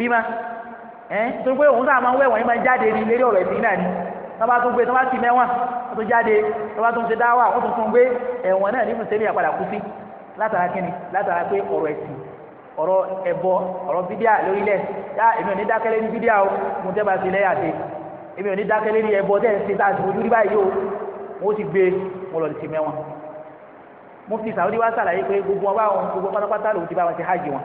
ẹ tó pé òun sáà máa ń wẹ̀wọ̀n yín máa ń jáde ní lérí ọ̀rọ̀ ìsìn ni tọ́ba tó gbé tọ́ba ti mẹ́wọ̀n tó jáde tọ́ba tó ń ṣe dáwà ó tó tún gbé ẹ̀wọ̀n náà níbi sẹ́mi àpàdà kú sí látara kíni látara pé ọ̀rọ̀ ẹ̀sìn ọ̀rọ̀ ẹ̀bọ ọ̀rọ̀ bídíà lórílẹ̀ yá èmi ò ní dákẹ́lé ní bídíà o mo tẹ́ bá ti lẹ́yà sí èmi ò ní dákẹ́lé ní ẹ̀bọ tẹ́ ń ṣe tá a rí báyìí o mo ti gbé mo lọ ti mẹ́wọ̀n mufti Saudi wa sàlàyé pé gbogbo wọn bá wọn gbogbo pátápátá lòun ti bá wọn ti hajj wọn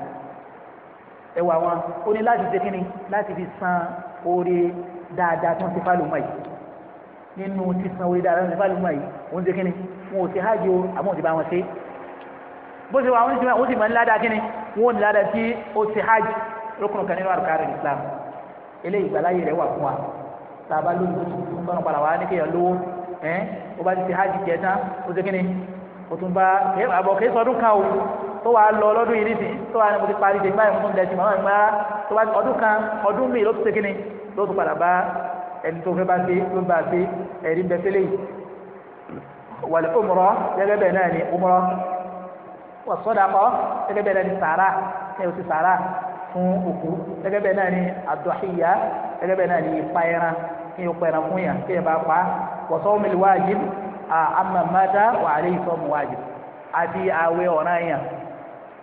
ẹwà wọn ó ní láti ṣe kíni láti fi san oore dáadáa tó ń ṣe fálùmọ́ yìí nínú sísan oore dáadáa tó ń ṣe fálùmọ́ yìí ó ń ṣe kíni wọn ò ṣe hajj o àmọ́ ò ti bá wọn ṣe bó ṣe wà wọn ṣe wọn ti mọ̀ ní ládàá kíni wọn ò ní ládàá tí ó ṣe hajj lókùnrin kan nínú àrùkárẹ̀ Islam eléyìí ìgbàláyè rẹ̀ wà fún wa tá a bá lóyún tó tún tọ́nà padà wá ní kéèyàn lówó ẹ̀ ó bá ti ṣe hajj jẹ tán ó ṣe kíni ó tún bá àbọ̀ kì í kan o tó wàá lọ lọ́dún yìí nìsín tó wàá ní mo ti parí ṣe báyìí mo tún dẹ̀ sí màmá mi rárá ah, tó bá ọdún kan ọdún mi ló tún ṣe kí ni ló tún padà bá ẹni tó fẹ́ bá ṣe ló bá ṣe ẹ̀rí bẹ́ẹ̀ fẹ́lẹ́ yìí wal umra gẹ́gẹ́ bẹ́ẹ̀ náà ni umra wa sadaqa gẹ́gẹ́ bẹ́ẹ̀ náà ni sàárà ẹ̀ ò ti sàárà fún òkú gẹ́gẹ́ bẹ́ẹ̀ náà ni ad gẹ́gẹ́ bẹ́ẹ̀ náà ni ìpayẹ̀rà kí o pẹ̀rẹ̀ fún yàn kí ẹ bá pa wa sawmil wajib amma mata wa alayhi sawmu wajib àti àwẹ̀ ọ̀ràn yàn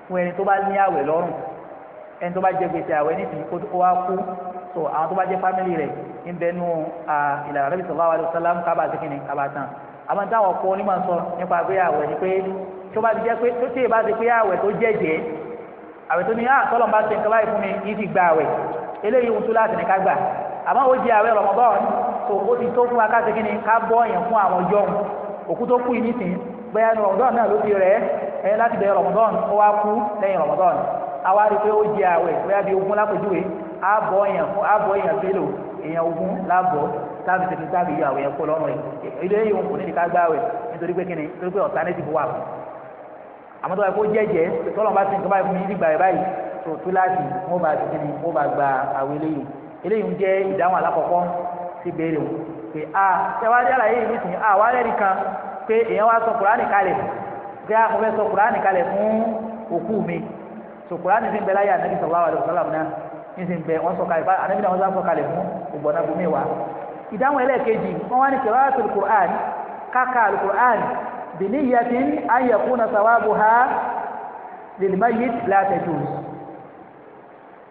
fún ẹni tó bá ní àwẹ̀ lọ́rùn ẹni tó bá jẹ gbèsè àwẹ̀ nísìnyí kó tó wá kú so àwọn tó bá jẹ fámìlì rẹ̀ ń bẹ nù ìlànà rẹ̀ sallallahu alaihi wasallam kábà sí kìnnì kábà tán àmọ́ táwọn kọ́ onímọ̀ sọ nípa pé àwẹ̀ ni pé tó bá ti jẹ́ pé tó tẹ̀ bá ti pé àwẹ̀ tó jẹ́jẹ́ àwẹ̀ tó ní á ah, tọ́lọ̀ bá ti nǹkan báyìí fún mi kì í ti gba àwẹ̀ eléyìí ohun tó láti ní ká gbà àmọ́ ó jẹ àwẹ̀ Ramadan tó ó ti tó fún akáṣe ká bọ́ yẹn fún àwọn ọjọ́ òkú tó kú yìí nísìnyí bẹ́ẹ̀ ni Ramadan náà ló ti rẹ̀ ẹ́ ẹ láti bẹ̀rẹ̀ rọmọdọ́n ó wá kú lẹ́yìn rọmọdọ́n àwa rí i pé ó jẹ àwẹ̀ bóyá bíi ogún lápèjúwe àbọ̀ èèyàn fún àbọ̀ èèyàn fẹ́lò èèyàn ogún lábọ̀ táàbì tètè táàbì yọ àwẹ̀ ẹ̀kọ́ lọ́rùn rẹ̀ ilé yìí wọn kò ní ká gbá àwẹ̀ nítorí pé kíni nítorí pé ọ̀tá nẹ́tì wà fún àmọ́ tó bá kó jẹ́jẹ́ tọ́lọ́ bá ti nǹkan báyìí fún mi nígbà rẹ̀ báyìí tó tó láti wọ́n bá ti kíni wọ́n bá gba àwẹ̀ eléyìí eléyìí ń jẹ́ ìdáhùn alákọ̀ọ́kọ́ sí béèrè wọn pé a ah, ṣe wá dé àlàyé yìí nìsín a ah, wá rẹ́ẹ̀rí kan pé èèyàn wá sọ Kùránì kalẹ̀ pé a ah, mo fẹ́ sọ kuraani kalẹ̀ fún òkú mi so kuraani ti ń bẹ láyé anabi sallallahu alayhi wa sallam náà ní ti ń bẹ wọn sọ kalẹ̀ fún anabi náà wọn sọ kalẹ̀ fún ògbọ̀nà bùnmi wa ìdáhùn ẹlẹ́ẹ̀kejì wọn wá ní kìláàsì kuraani káka kuraani bìníyàtì ayẹkùnà sàwábù ha lèlìmáyé látẹjú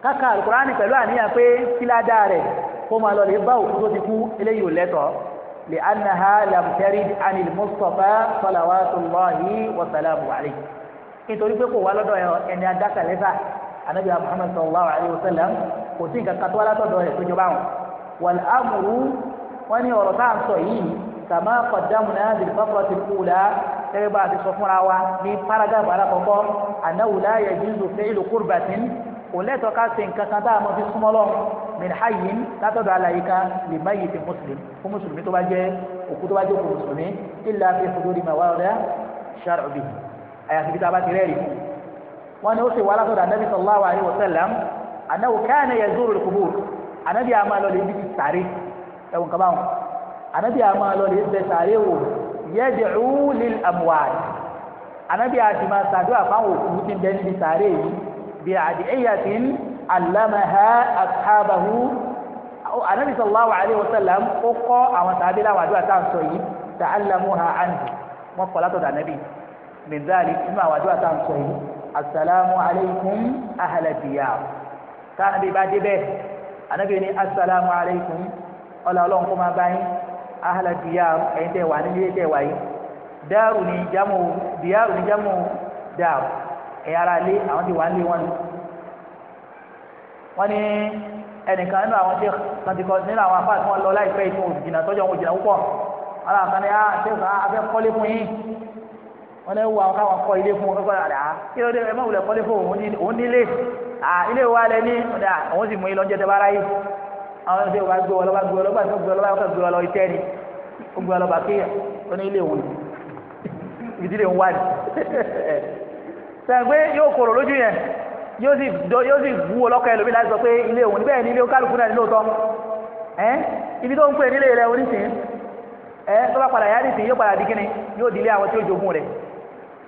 káka kuraani pẹ̀lú àníyàn pé kíládàá rẹ̀ kó máa lọ لأنها لم ترد عن المصطفى صلوات الله وسلامه عليه nítorí pé kò wá lọ́dọ̀ ẹni adáka lẹ́sà anabi muhammad sallallahu alayhi wa sallam kò sí nǹkan kan tó wá látọ̀dọ̀ ẹ̀ tó jọba wọn. wal amru wọn ní ọ̀rọ̀ tá à ń sọ yìí kama qaddamna bil fatrati al-ula gẹ́gẹ́ bá a ti sọ fúnra wa ní paragraph alákọ̀ọ́kọ́ annahu la yajuzu fi'lu qurbatin kò lẹ́tọ̀ọ́ ká ṣe nǹkan kan tá a mọ̀ fi súnmọ́ lọ́wọ́ min hayyin látọ̀dọ̀ àlàyé kan lè má yìí ti mùsùlùmí fún mùsùlùmí tó bá jẹ́ òkú tó bá jẹ́ òkú mùsùlùmí illa fi huduri ma warada shar'u bihi àyàfi bí tá a bá ti rẹ́ẹ̀rì fún wọn ni ó sì wá látọ̀dọ̀ anabi sallallahu alayhi wa sallam anahu kana yazuru al-qubur anabi àmà lọ lè bíbi sàrí ẹ̀wọ̀n kaba wọn anabi àmà lọ lè bẹ sàrí wò yad'u lil amwat anabi àti بأدعية علمها أصحابه النبي صلى الله عليه وسلم أقى أو تابلا وادوا تانسوي تعلموها عنه وصلاة النبي من ذلك ما وادوا تانسوي السلام عليكم أهل الديار كان ببعد به النبي السلام عليكم ولا لونكم أبين أهل الديار أنت وأنا جيت وعي دار نجمو ديار نجمو دار ẹ̀yà ara lé àwọn ti wà ń lé wọn ni wọ́n ni ẹnìkan nínú àwọn sheikh santikọ nínú àwọn afáàtì wọn lọ láìpẹ́ ìfún òjìnà tọ́jú àwọn òjìnà púpọ̀ wọn làwọn kan ní ah sheikh ah afẹ́ kọ́lé fún yín wọn ní wọ àwọn káwọn kọ́ ilé fún ọkọ̀ rẹ̀ ah kí ló dé ẹ má wulẹ̀ kọ́lé fún òun nílé ah ilé wa lẹ ní ọ̀dà ah, òun sì mú yín lọ́jọ́ tẹ́bára yìí àwọn ẹni tí wọ́n gbé ọlọ́ba gbé ọlọ́ba tó gbé ọlọ́ba gbé ọlọ́ ìtẹ́ ni ó gbé ọlọ́ba kéèyàn ó ní ilé òun ìdílé òun wà ní sẹ̀gbé yóò kòrò lójú yẹn yóò sì yóò sì wú ọlọ́kọ̀ ẹlòmíì láti sọ pé ilé òun bẹ́ẹ̀ ni ilé kálukú náà nílò tọ́ ẹ́ ibi tó ń pè nílé rẹ onísìn ẹ́ tó bá padà yá nísìn yóò padà di kíni yóò di ilé àwọn tí ó jogún rẹ̀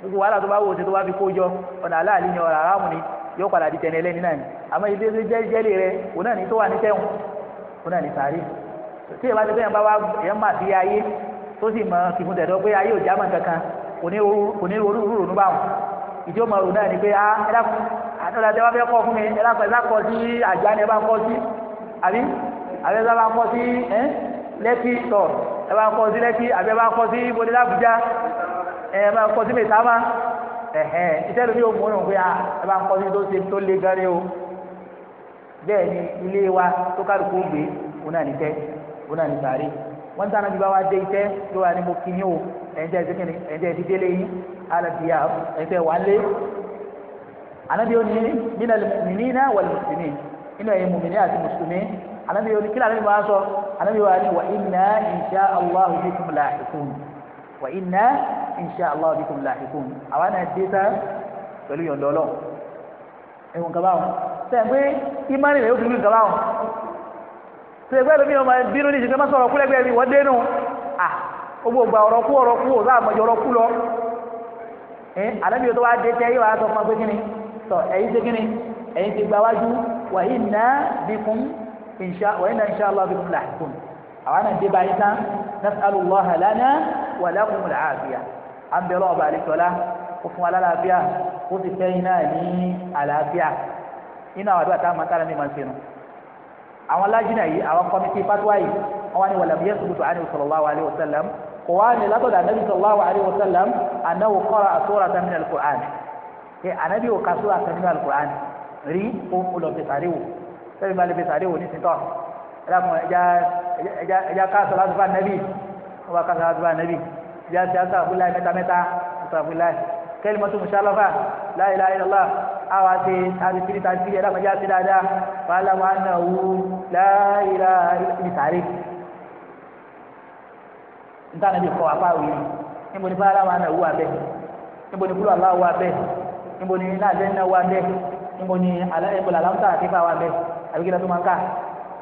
gbogbo wàhálà tó bá wò sí tó bá fi kó jọ ọ̀nà aláàlí ni ọ̀rọ̀ aráàmù ni yóò padà di tẹ̀lé ẹlẹ́ni náà ni àmọ́ ilé tó jẹ́ jẹ́lé rẹ òun náà ni tó wà ní tẹ́hùn òun náà ni sàárè tí ìbá ti fẹ́yàn bá wá ẹ̀ ń mà sí ayé tó sì mọ kìfun tẹ̀dọ́ pé ayé ò já mọ̀ kankan kò ní orú ronú báwọn ìdí ó máa rò náà ni pé á àtọ́lá tẹ́ wá fẹ́ kọ́ fún mi ẹ̀dàkùn ẹ̀dá kọ́ sí àjà ni ẹ bá kọ́ sí àbí àbí ẹ bá kọ́ sí ẹ́ lẹ́kì tọ̀ ẹ bá kọ́ sí lẹ́kì àbí ẹ bá kọ́ sí bọ́lẹ́ làbújá ẹ bá kọ́ sí mẹ́tàmá ẹ̀hẹ́ iṣẹ́ lómi ò mú òun pé ah, ẹ bá kọ́ sí tó ṣe tó le gan ni o bẹ́ẹ̀ ni ilé wa tó kálukú gbé òun náà ní tẹ́ òun náà ní sàárè wọ́n ń tàn alẹ́bíyà ẹ̀fẹ́ wálé anabi yóò ní nínú ẹlẹ́mìnì náà wà lùsùmí nínú ẹ̀yìn mùmìnì àti mùsùlùmí anabi yóò ní kí lànà ìbá sọ anabi wà ní wà iná insha allah bikum lahiqun wà iná insha allah bikum lahiqun àwa náà dé sá pẹ̀lú yọ̀ǹdọ́lọ́ ẹ̀wọ̀n kabaawọn sẹ́yìn pé imani rẹ̀ yóò fi gbìn kabaawọn sẹ́yìn pé ẹlòmíràn máa bínú ní ìṣẹ̀kẹ́ máa sọ ọ̀rọ̀ kú lẹ́gbẹ̀ẹ́ mi wọ́n dénú ah gbogbo ọ̀rọ̀ kú ọ̀rọ̀ kú ọ̀ ẹ anabi yóò tó wá dé tẹ yóò wá sọ fún wa pé kíni tọ ẹ̀yin ti kíni ẹ̀yin ti gba wájú wa inna bikum insha wa inna insha Allah bikum lahiqun àwọn náà dé báyìí tán nas'alullaha lana wa lakumul afiya an bẹ̀rẹ̀ ọba àlekọ́lá kó fún wa lálàáfíà kó sì fẹ́ iná ní àlàáfíà iná àwọn àdúrà táwọn mọ̀tàlá mi máa ń sẹ́nu àwọn alájìnà yìí àwọn kọ́mítì fatuwa yìí wọ́n wá ní wàlàmúyẹ́sùn tó àná sallallahu alaihi wasallam kò wá ní látọ̀dọ̀ anabi sallallahu alayhi wa sallam anahu qara'a suratan min al-Qur'an pé anabi ò ka suratan min al-Qur'an rí òun kò lọ fi sàrí wò sẹ́yìn bá lè fi sàrí wò ní sítọ́ ẹja ká sọ láti fa anabi wọ́n bá ká sọ láti fa anabi ẹja ti asa àbúlá mẹ́ta mẹ́ta asa àbúlá kalimatu mushalafa la ilaha illallah awa ti àti tiri tàbí ẹ̀dá mẹ́ta ti dáadáa wàhálà wà náà wú la ilaha illallah níta níbi kọ́ apá òye níbo ni báyà wà náà wú abẹ́ níbo ni kúlọ̀ aláwọ̀ abẹ́ níbo ni nàdé náà wú abẹ́ níbo ni alẹ́ ìbọ̀lá alámúta àti ìfà wà abẹ́ àbíkí lọ́tún máa ń ká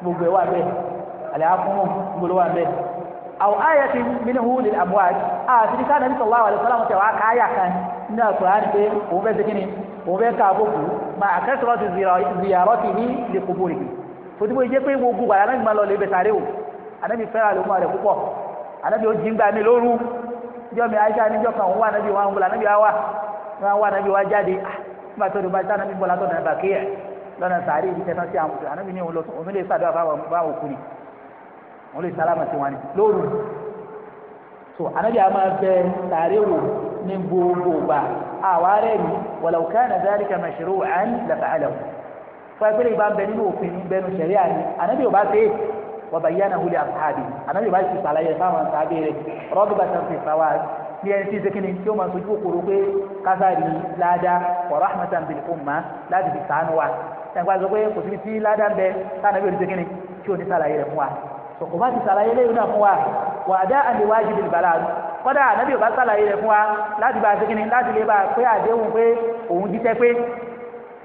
gbogbo ẹ̀ wà abẹ́ àlẹ́ afúnmù gbogbo wà abẹ́. àwọn ayé ti mímú hu lè àbúwá àti níta níbi sọ̀rọ̀ àwọn àlẹ́ sọ́lámù tẹ̀ wá káyà kan ní àkùrán ni, òun fẹ́ sekínì òun fẹ́ ká àbókù máa àkẹ́sọ̀rọ̀ ti ziyàrọ̀ ti ní lè kóbó rè fòtí bó jẹ́ pé gbogbo àyànnà ìgbà lọ lè bẹ̀ sáré o ànábì fẹ́ràn lè mú àrẹ púpọ̀ anabi ó jìngbà mi lóru níjọ́ mi aisha níjọ́ kan wà anabi wa ń bọ̀ anabi wa wà wọn wà anabi wa jáde ah, nígbà tó dùn bá tá anabi bọ̀lá tó dùn bá kéèyàn lọ́nà sàárè ibi tẹ́tàn sí àwọn mùsùlùmí anabi ní òun lọ sọ òun lè sàdúrà bá òkú ni òun lè sálámà sí wọn ni lóru so anabi a máa bẹ sàárè wò ní gbogbo gbà àwa rẹ̀ mi walau kana dhalika mashru'an lafa'alahu fún ẹgbẹ́ وبيانه لأصحابه أنا يبقى في صلاة فاهم صحابي رغبة في الثواب ní ẹni tí zekini tí ó máa sojú kúrú pé kásárì ládàá wa rahmatan bil umma láti fi sànù wa ẹnìkan sọ pé kò síbi tí ládàá ń bẹ sànù bí o ní zekini tí o ní sàlàyé rẹ fún wa sọkò bá ti sàlàyé lẹ́yìn náà fún wa wà á dá àlè wájú bí balá kọ́dà ànábì ò bá sàlàyé rẹ fún wa láti bá zekini láti lè bá pé àdéhùn pé òun jíṣẹ́ pé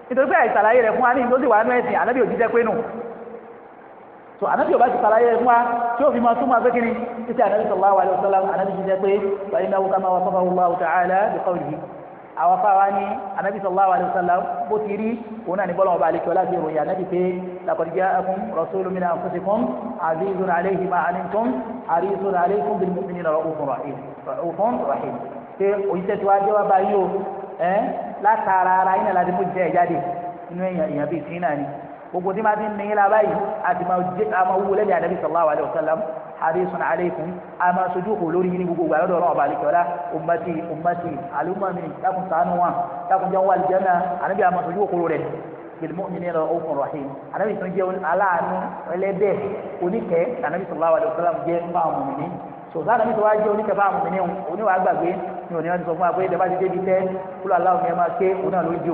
nítorí pé so anabi ọba ti fàlàyé fún wa tí ó fi máa túmọ̀ pé kíni títí anabi sallallahu alaihi wasallam anabi ti jẹ́ pé báyìí náà wúkà máa wà sọ́fà wúwa ọ̀tà àlà bí kọ́ ìlú àwọn afá wa ní anabi sallallahu alaihi wasallam bó ti rí òun náà ní bọ́lá ọba àlekí ọlá fi ròyìn anabi pé laqad ja'akum rasulun min anfusikum azizun náà láti mú jẹ́ ẹ̀ jáde inú èèyàn bíi sí náà ni gbogbo tí máa ti ń ní ilá báyìí àti máa wúwo lẹ́yìn ànábì sallallahu alayhi wa sallam hadisun aleikum a máa sojú kò lórí yín ní gbogbo ìgbà lọ́dọ̀ ọlọ́run balẹ̀ kẹ́lá ummati ummati alumami dákun ṣàánú wọn dákun jẹun wà lìjẹ́ náà ànábì a sojú kò rẹ̀ bilmu'minina ra'ufun rahim ànábì tún jẹ́ aláàánú ẹlẹ́dẹ̀ oníkẹ́ ànábì sallallahu alayhi wa jẹ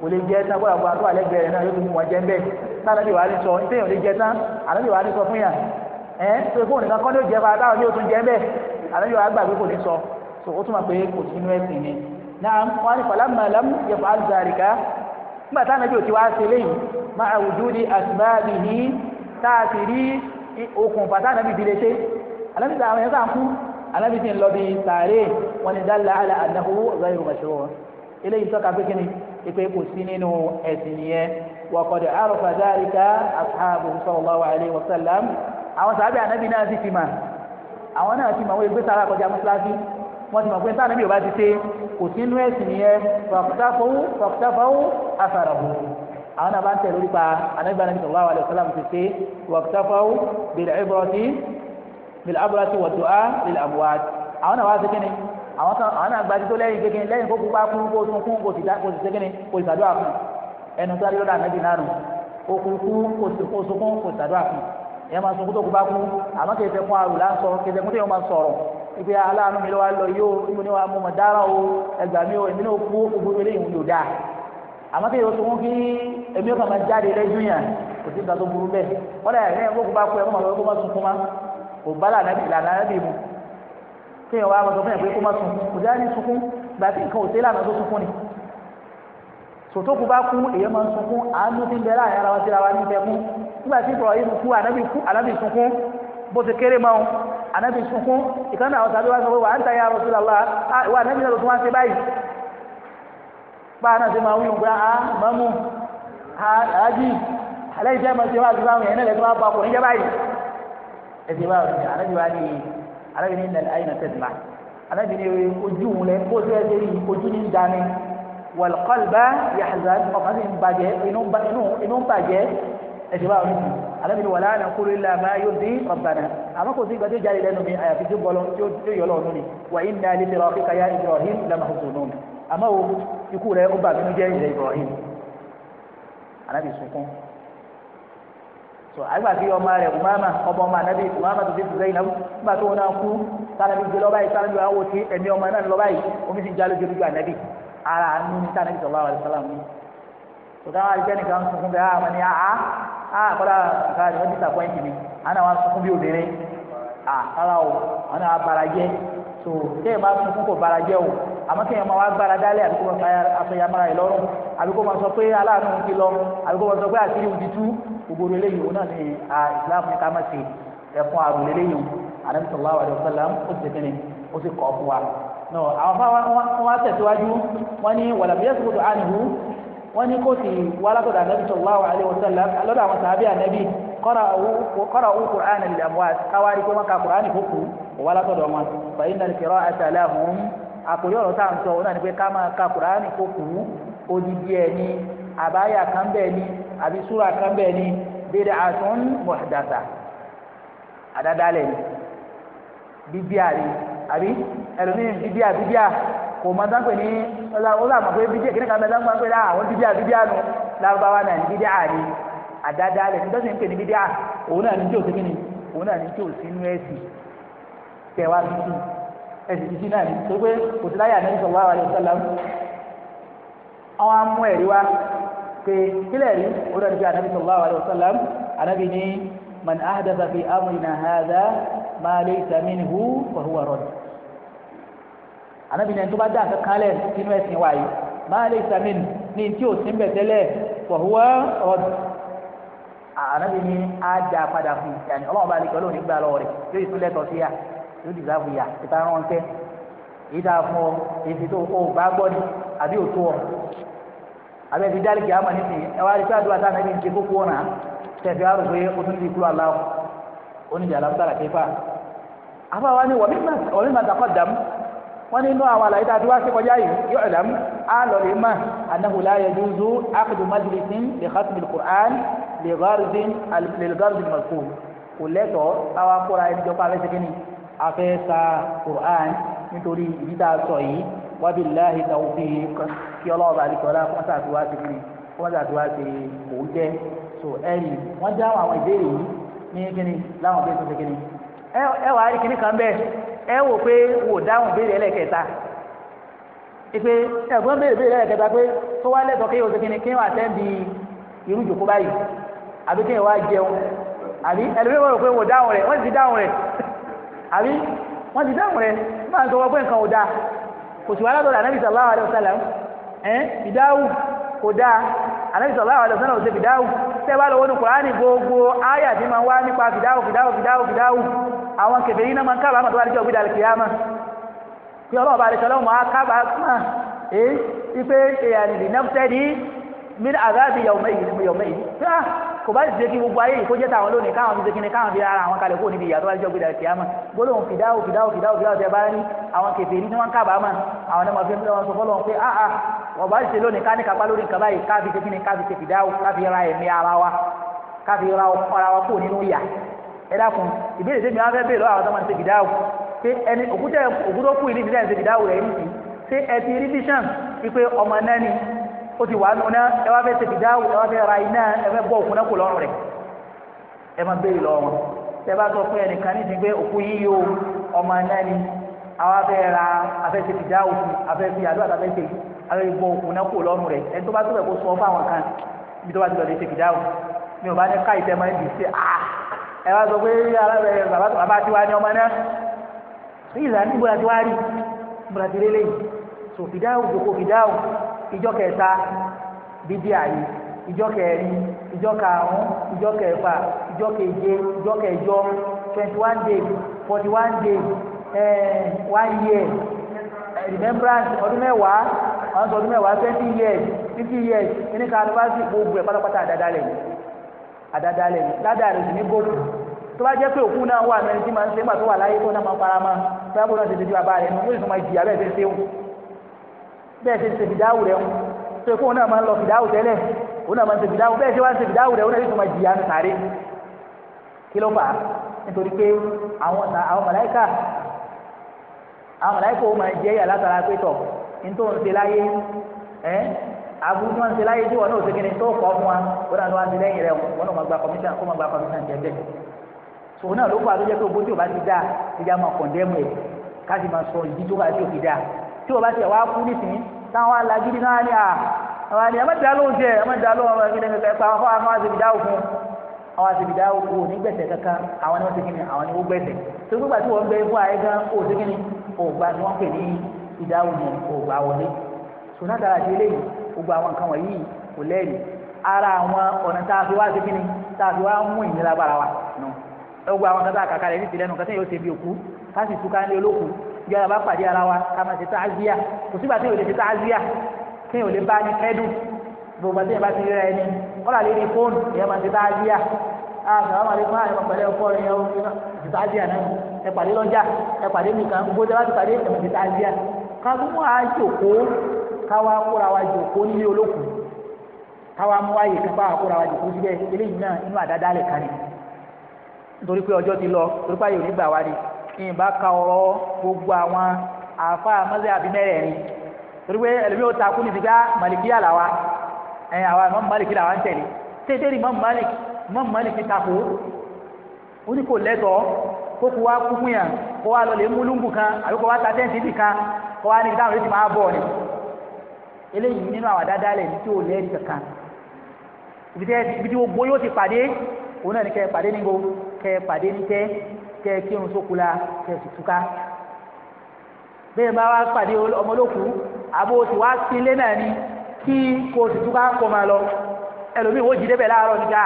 kò lè jẹ tán bóyá àgbà tó àlẹgbẹ rẹ náà yóò mú wọn jẹ bẹ́ẹ̀ sálẹbí wàá ní sọ ìfẹ́ yóò lè jẹ tán àlẹbí wàá ní sọ fún yà ẹ tó fóònù nìkan kọ́ ní òjẹ́ fa táwọn yóò tún jẹ bẹ́ẹ̀ àlẹbí wàá gbàgbé kò ní sọ tó ó túmọ̀ pé kò sínú ẹ̀sìn ni náà wọn ní falamma lam yẹfọ alùzàríkà nígbà táwọn ẹbí ò ti wá ṣe léyìn máa wujudi asbabihi tá a sì rí okùnfà táwọn ẹbí ni ipe kò sí nínú ẹ̀sìn yẹn wa qad arafa dhalika ashabuhu sallallahu alayhi wa sallam àwọn sàbẹ̀ ànábì náà sì ti mà àwọn náà ti mà wọ́n gbé sára kọjá mọ́sálásí ti mọ̀ pé sáà níbi ò bá ti ṣe kò sí nínú ẹ̀sìn yẹn fàkútàfọ́wù fàkútàfọ́wù àfàràbù àwọn náà bá ń tẹ̀lé orípa ànábì ànábì sallallahu alayhi wa sallam ti ṣe wàkútàfọ́wù bìlẹ̀ àbúrọ̀tì wàdùá bìlẹ̀ àbúwàt àwọn náà wá sí kíni àwọn kan àwọn náà gbajú tó lẹ́yìn kékeré lẹ́yìn kó kúpa kú kó sunkún kó sì sẹ́kẹ́ni kó sì sàdúrà fún ẹnu tó adé lọ́dọ̀ ànábì náà nù kó kú kú kó sunkún kó sì sàdúrà fún ẹ máa sunkún tó kúpa kú àmọ́ kẹfẹ́ fún arù lásọ kẹfẹ́ fún tẹ̀yọ́ máa sọ̀rọ̀ ibi aláàánú mi lọ́wọ́ lọ yóò ibi ni wàá mú mọ̀ dára o ẹgbà mi o èmi náà kú gbogbo eléyìí ń dáa àmọ́ kẹfẹ́ sunkún kí èmi ò máa jáde lẹ́jú yàn kò sí ìgbà tó burú bẹ́ẹ̀ wọ́n ẹ̀ ẹ̀ kó kúpa kú ẹ̀ kó máa sunkún má kò bá lànà ìlànà ẹ̀ bì mu kéèyàn wá gbọ́dọ̀ fún yàn pé kó má sùn kò sí àní sunkún gbà tí nǹkan ò sí lànà tó sunkún ni sòtókù bá kú èèyàn máa ń sunkún àánú ti ń bẹ láàrin ara wa síra wa ní ìfẹ́kún nígbà tí ìfọ̀rọ̀ yìí kú ànábì kú ànábì sunkún bó ti kéré máa ń ànábì sunkún ìkan náà sábẹ́ wá sọ pé wà á ń tayà Rasulullah wà ànábì náà ló tún wá ṣe báyìí bá a náà ṣe máa ń wíwọ̀n pé a mọ́mú aláàjì aláìsẹ́ máa ṣe wá àti báwọn yẹn náà lẹ́sìn wá bá ọkùnrin jẹ́ báyìí ẹ alábìnrin nílẹ̀ ayé náà tẹ̀síma alábìnrin ojú wọn lẹ kó tẹ́ ẹ rí ojú ní dání wàlúkọ́lùbá yàtọ̀ ọkàn sì ń bàjẹ́ inú ń bàjẹ́ ẹ̀sìn báwọn nìyí alábìnrin wàlá àná kúrò ilé àmà yóò dín ọ̀bànà àmọ́ kò sí ìgbà tó jáde lẹ́nu mi àyàfi tó bọ́ tó yọ lọ́ọ̀nù ni wà í nà lè tẹ̀rọ kíkà yá Ibrahim lamahùsùn nù àmọ́ o ikú rẹ̀ ó bà mí jẹ́ ilẹ̀ Ibrahim alábìsùn kún so àgbà tí ọmọ rẹ̀ umama ọmọ ọmọ anabi umama tó ti fi sẹ́yìn náà nígbà tó wọn náà kú sanabi gbé lọ́ba yìí sanabi wàá wò sí ẹ̀mí ọmọ náà lọ́ba yìí omi sì ń jalè ju anabi ara àánú ní sanabi sallallahu alaihi wasallam mi so táwọn àdìjẹ́ nìkan sunkún bẹ́ẹ̀ àmọ́ ni àá àá kọ́lá nǹkan àdìjọ́ disappoint mi àná wọn sunkún bí obìnrin àá ah, kálá o àná àbàrà so kéèyàn bá sunkún kò bara jẹ́ o àmọ́ kéèyàn máa wá gbára dálé àbí kó máa fa afẹ́yàmára yìí lọ́rùn àbí kó máa sọ pé aláàánú ti lọ àbí kó máa sọ pé àṣírí òun ti tú gbogbo eléyìí òun náà ní ìsìláàmù ní ká má ṣe ẹ̀fọn àrùn eléyìí Ànábì sallallahu alaihi wasallam ó ti tẹ̀lé ó ti kọ́ fún wa. àwọn fáwọn wá tẹ̀síwájú wọ́n ní wàlàbíyẹ́sì kò tó àníhù wọ́n ní kó sì wá látọ̀dọ̀ Ànábì sallallahu alaihi wasallam lọ́dọ̀ àwọn wà látọ̀dọ̀ wọn fàyín náà kẹrọ àtàlẹ́ àwọn àkòrí ọ̀rọ̀ tá à ń sọ ọ̀nà ni pé ká máa ka kùránì kó kù odidi ẹ̀ ni àbáyà kan bẹ́ẹ̀ ni àbí súra kan bẹ́ẹ̀ ni dédé àtún mọ̀dàtà àdádálẹ̀ ni bíbíà ni àbí ẹlòmíì bíbíà bíbíà kò mọ sáńpẹ̀ ní ọlọ́run àmọ̀ pé bíbíà kí ni ká mẹ́ sáńpẹ̀ pé ah, àwọn bíbíà bíbíà nu lárúbáwá náà ní bíbíà ni àdádálẹ̀ nítorí pé ní bíbíà òun náà ní tí ò sí kí ni òun náà ní tí ò sí nú ẹ̀sìn kẹwàá tuntun ẹsì tuntun náà tó pé kò sí láyà nẹ́bí sọ̀rọ̀ àwọn ọ̀sán lọ́wọ́ àwọn amú ẹ̀rí wa pé kílẹ̀ rí ó dàbí ànábì sọ̀rọ̀ àwọn ọ̀sán lọ́wọ́ ànábì ní man ahdatha fi amrina hadha ma laysa minhu fa huwa radd ànábì ní tó bá dá nǹkan kalẹ̀ sínú ẹ̀sìn wáyé ma laysa minhu ní tí ò sí bẹ̀ tẹ́lẹ̀ fa huwa ànábì ní á padà fún ìyàní yóò dìgbà bùyà ìta rán kẹ́ ìdá fún ọ èsì tó o bá gbọ́ ni àbí òtó ọ abẹ́ ti dálé kìá mọ̀ nísìnyí ẹ wá rí sáà dúró àtàwọn ẹbí ń kókó ọ̀nà tẹ̀sí àrò pé o tún ti kúrò aláwọ̀ oníjà alámúsára kéfà àbá wa ni wọ́n mímọ̀ àtàkọ́ dàmú wọ́n ní inú àwọn àlàyé tàbí wá sí kọjá yìí yóò dàmú á lọ lè má annahu la yajuzu aqdu majlisin li khatmi al-Qur'an li gharzin al-mazkur kò lẹ́tọ̀ọ́ káwá kóra ẹni jọ afẹ́ ka Qur'an nítorí ìdíta sọ yìí wabillahi tawfiq kí ọlọ́ọ̀bà àdìsọ́lá wọ́n ṣàtúwá ti fi wọ́n ṣàtúwá ti kò jẹ́ so ẹ̀rì wọ́n já àwọn ìbéèrè yìí ní kíni láwọn bẹ́ẹ̀ tó ṣe kíni ẹ wàá rí kíní kan bẹ́ẹ̀ ẹ wò pé wò dáhùn béèrè ẹlẹ́kẹta ìpè ẹ̀gbọ́n béèrè béèrè ẹlẹ́kẹta pé tó wá lẹ́tọ̀ọ́ kéwòn ṣe kíni kéwòn àtẹ́ǹdì irú jòkó báyìí àbí kéwòn wá jẹun àbí ẹlẹ́gbẹ́ rò pé wò dáhùn rẹ̀ wọ́n ti dáhùn rẹ̀ àbí wọ́n ti dáhùn rẹ̀ máa ń sọ wọ́n pé nǹkan ò dáa kò sì wá látọ̀dọ̀ ànábì sallallahu alaihi wasallam ẹ̀ ìdáhù kò dáa ànábì sallallahu alaihi wasallam ò ṣe fìdáhù tẹ́ bá lọ wọnú kùránì gbogbo áyà tí máa ń wá nípa fìdáhù fìdáhù fìdáhù fìdáhù àwọn kẹfẹ́ yìí náà máa ń kábàámọ̀ tó wá níjọ́ gbídà kìyàmà kí ọlọ́run bá lè sọ lọ́mọ á kábàámọ̀ ẹ̀ ipe èèyàn ìdìnnà min azabi yawma yi mu yawma yi ta ah, kò bá ṣe kí gbogbo ayé yìí kó jẹ́ tàwọn lónìí káwọn fi ṣe kí ni káwọn fi ara àwọn kalẹ̀ kó níbi ìyàtọ̀ àjọ gbèdà kìámà gbólóhùn fìdáwò fìdáwò fìdáwò fìdáwò tẹ bá rí àwọn kèfèrí tí wọ́n kábàámà àwọn ọmọ fi ń sọ fọlọ́n pé áà ah, wọ́n ah, bá ṣe lónìí ká ní kápá lórí nǹkan báyìí káfi ṣe kí ni káfi ṣe fìdáwò káfi ra ẹ̀mí ara wa káfi ra ara wa kó nínú ìyà ẹ dákun ìbéèrè tèmi wá fẹ́ bèèrè lọ́wọ́ àwọn tó máa ń ṣe fìdáwò ó ti wà nùnà ẹ wá fẹ́ tètè dáwò ẹ wá fẹ́ ra iná ẹ fẹ́ bọ́ òkun náà kò lọ́rùn rẹ̀ ẹ máa béèrè lọ́wọ́ wọn tẹ bá sọ fún ẹnìkan ní ìsìn pé òkú yìí yóò ọmọ náà ni àwọn afẹ́ ra afẹ́ tètè dáwò sí afẹ́ fi àdúrà tàbí tètè afẹ́ bọ́ òkun náà kò lọ́rùn rẹ̀ ẹni tó bá tó kó sọ fáwọn kan ibi tó bá ti lọ tètè dáwò mi ò bá ní káyìí tẹ máa ń bì sí à ẹ wá sọ pé alábẹ̀rẹ̀ bàbá tiwa ni ọmọ náà ìjọ kẹta bíbí àyè ìjọ kẹrin ìjọ karùnún ìjọ kẹfà ìjọ keje ìjọ kẹjọ twenty one days forty one days eh, one year eh, remembrance ọdún mẹ́wàá àwọn sọ ọdún mẹ́wàá twenty years fifty years kíní kan anniversary gbogbo ẹ̀ pátápátá àdáda lẹ̀ àdáda lẹ̀ ládàá rẹ̀ sì ní gbòòkù tó bá jẹ́ pé òkú náà wà mẹ́rin tí màá ń ṣe é gbà tó wà láyé tó náà máa ń fara mọ́ tó yà kó náà ti di bàbá rẹ̀ nù ó sì tún máa jìyà bẹ́ẹ̀ ṣe ń bẹ́ẹ̀ ṣe ń ṣe fìdáwù rẹ̀ wọn tó yẹ kó wọn náà máa ń lọ fìdáwù tẹ́lẹ̀ wọn náà máa ń ṣe fìdáwù bẹ́ẹ̀ ṣe wá ń ṣe fìdáwù rẹ̀ wọn náà yóò tó máa jìyà ń sáré kí ló fà á nítorí pé àwọn àwọn màláìkà àwọn màláìkà ó máa jẹ́ yàrá tara pé tọ̀ nítorí wọn ṣe láyé ẹ́ aburú tí wọn ṣe láyé tí wọn náà ṣe kí ni tó kọ fún wa wọn náà wọn ṣe lẹ́yìn rẹ̀ wọn náà máa gba kọmíṣán tí wọ́n bá tiẹ̀ wá kú nísìnyí táwọn wá lagídí náà ní à àwọn àni ẹ̀mọ́ ìdá lóhùn jẹ́ ẹ̀mọ́ ìdá lóhùn ọmọ ìgbìlẹ̀ kẹkẹ pa àwọn àwọn àṣebìdá òkun àwọn àṣebìdá òkun òní gbẹ̀sẹ̀ kankan àwọn ni wọ́n ti kí ni àwọn ni wọ́n gbẹ̀sẹ̀ tó gbígbà tí wọ́n bẹ fún ààyè gan kó o ti kí ni ògbà ni wọ́n pè ní ìdá òkun ògbà wọlé sùnádàrà ti eléyìí gbogbo àwọn nǹkan wọ̀nyí kò lẹ́rìí ara àwọn ọ̀nà tá a fi wá sí kí ni tá a fi wá mú ìnira bára wa nù gbogbo àwọn nǹkan tá a kàkà rẹ̀ ní ìtìlẹ́nu kẹsàn-án yóò ṣe bí òkú ká sì túká ìjọba bá pàdé ara wa ká máa ṣe táàzíà kò sígbà tí yóò lè ṣe táàzíà tí yóò lè bá ní kẹ́dùn gbogbo àti ìyàbá ti rí ẹni kọ́lá lè rí fóònù ìyá máa ṣe táàzíà àwọn àlekún àwọn ọ̀pẹ̀lẹ̀ ọkọ rẹ̀ yẹn ṣe táàzíà náà ẹ pàdé lọ́jà ẹ pàdé nìkan gbogbo ìjọba ti pàdé ẹ̀ ṣe táàzíà káwọn wá jòkó káwá kóra wa jòkó nílé olókùn káwá mú àyè kápá àkóra wa síbẹ̀ eléyìí náà inú àdádálẹ̀ kan ni nítorí pé ọjọ́ ti lọ torí ò ní gbà wá ni ìyìnbá ka ọ̀rọ̀ gbogbo àwọn àfa mọ́sẹ̀ àbí mẹ́rẹ̀ẹ̀rin torí pé ẹlòmíràn ó takú ní ti gbá ah, màlìkíyà làwa ẹ àwa ìmọ̀ màlìkí làwa ń tẹ̀lé tẹ́tẹ́rì mọ́ malik mọ́ malik tako ó ní kò lẹ́tọ̀ọ́ kó kó wá kú fún yàn kó wá lọlé múlùngù kan àbí kó wá ta tẹ́ǹtì bì kan kó wá ní ibi táwọn máa bọ̀ ni eléyìí nínú àwọn àdáadáa lẹ̀ ní tí ò lẹ́rìí kankan ibi tí gbogbo yóò ti pàdé òun náà ní kẹ́ pàdé níbo kẹ́ pàdé ní kẹ́ ẹ kírun sókula kẹ́ ẹ sì túká bẹ́ẹ̀ bá wá pàdé ọmọlókù àbó tí wá sí ilé náà ni kí kò sì túká kó máa lọ ẹlòmíì wò jí débẹ̀ láàárọ̀ nígbà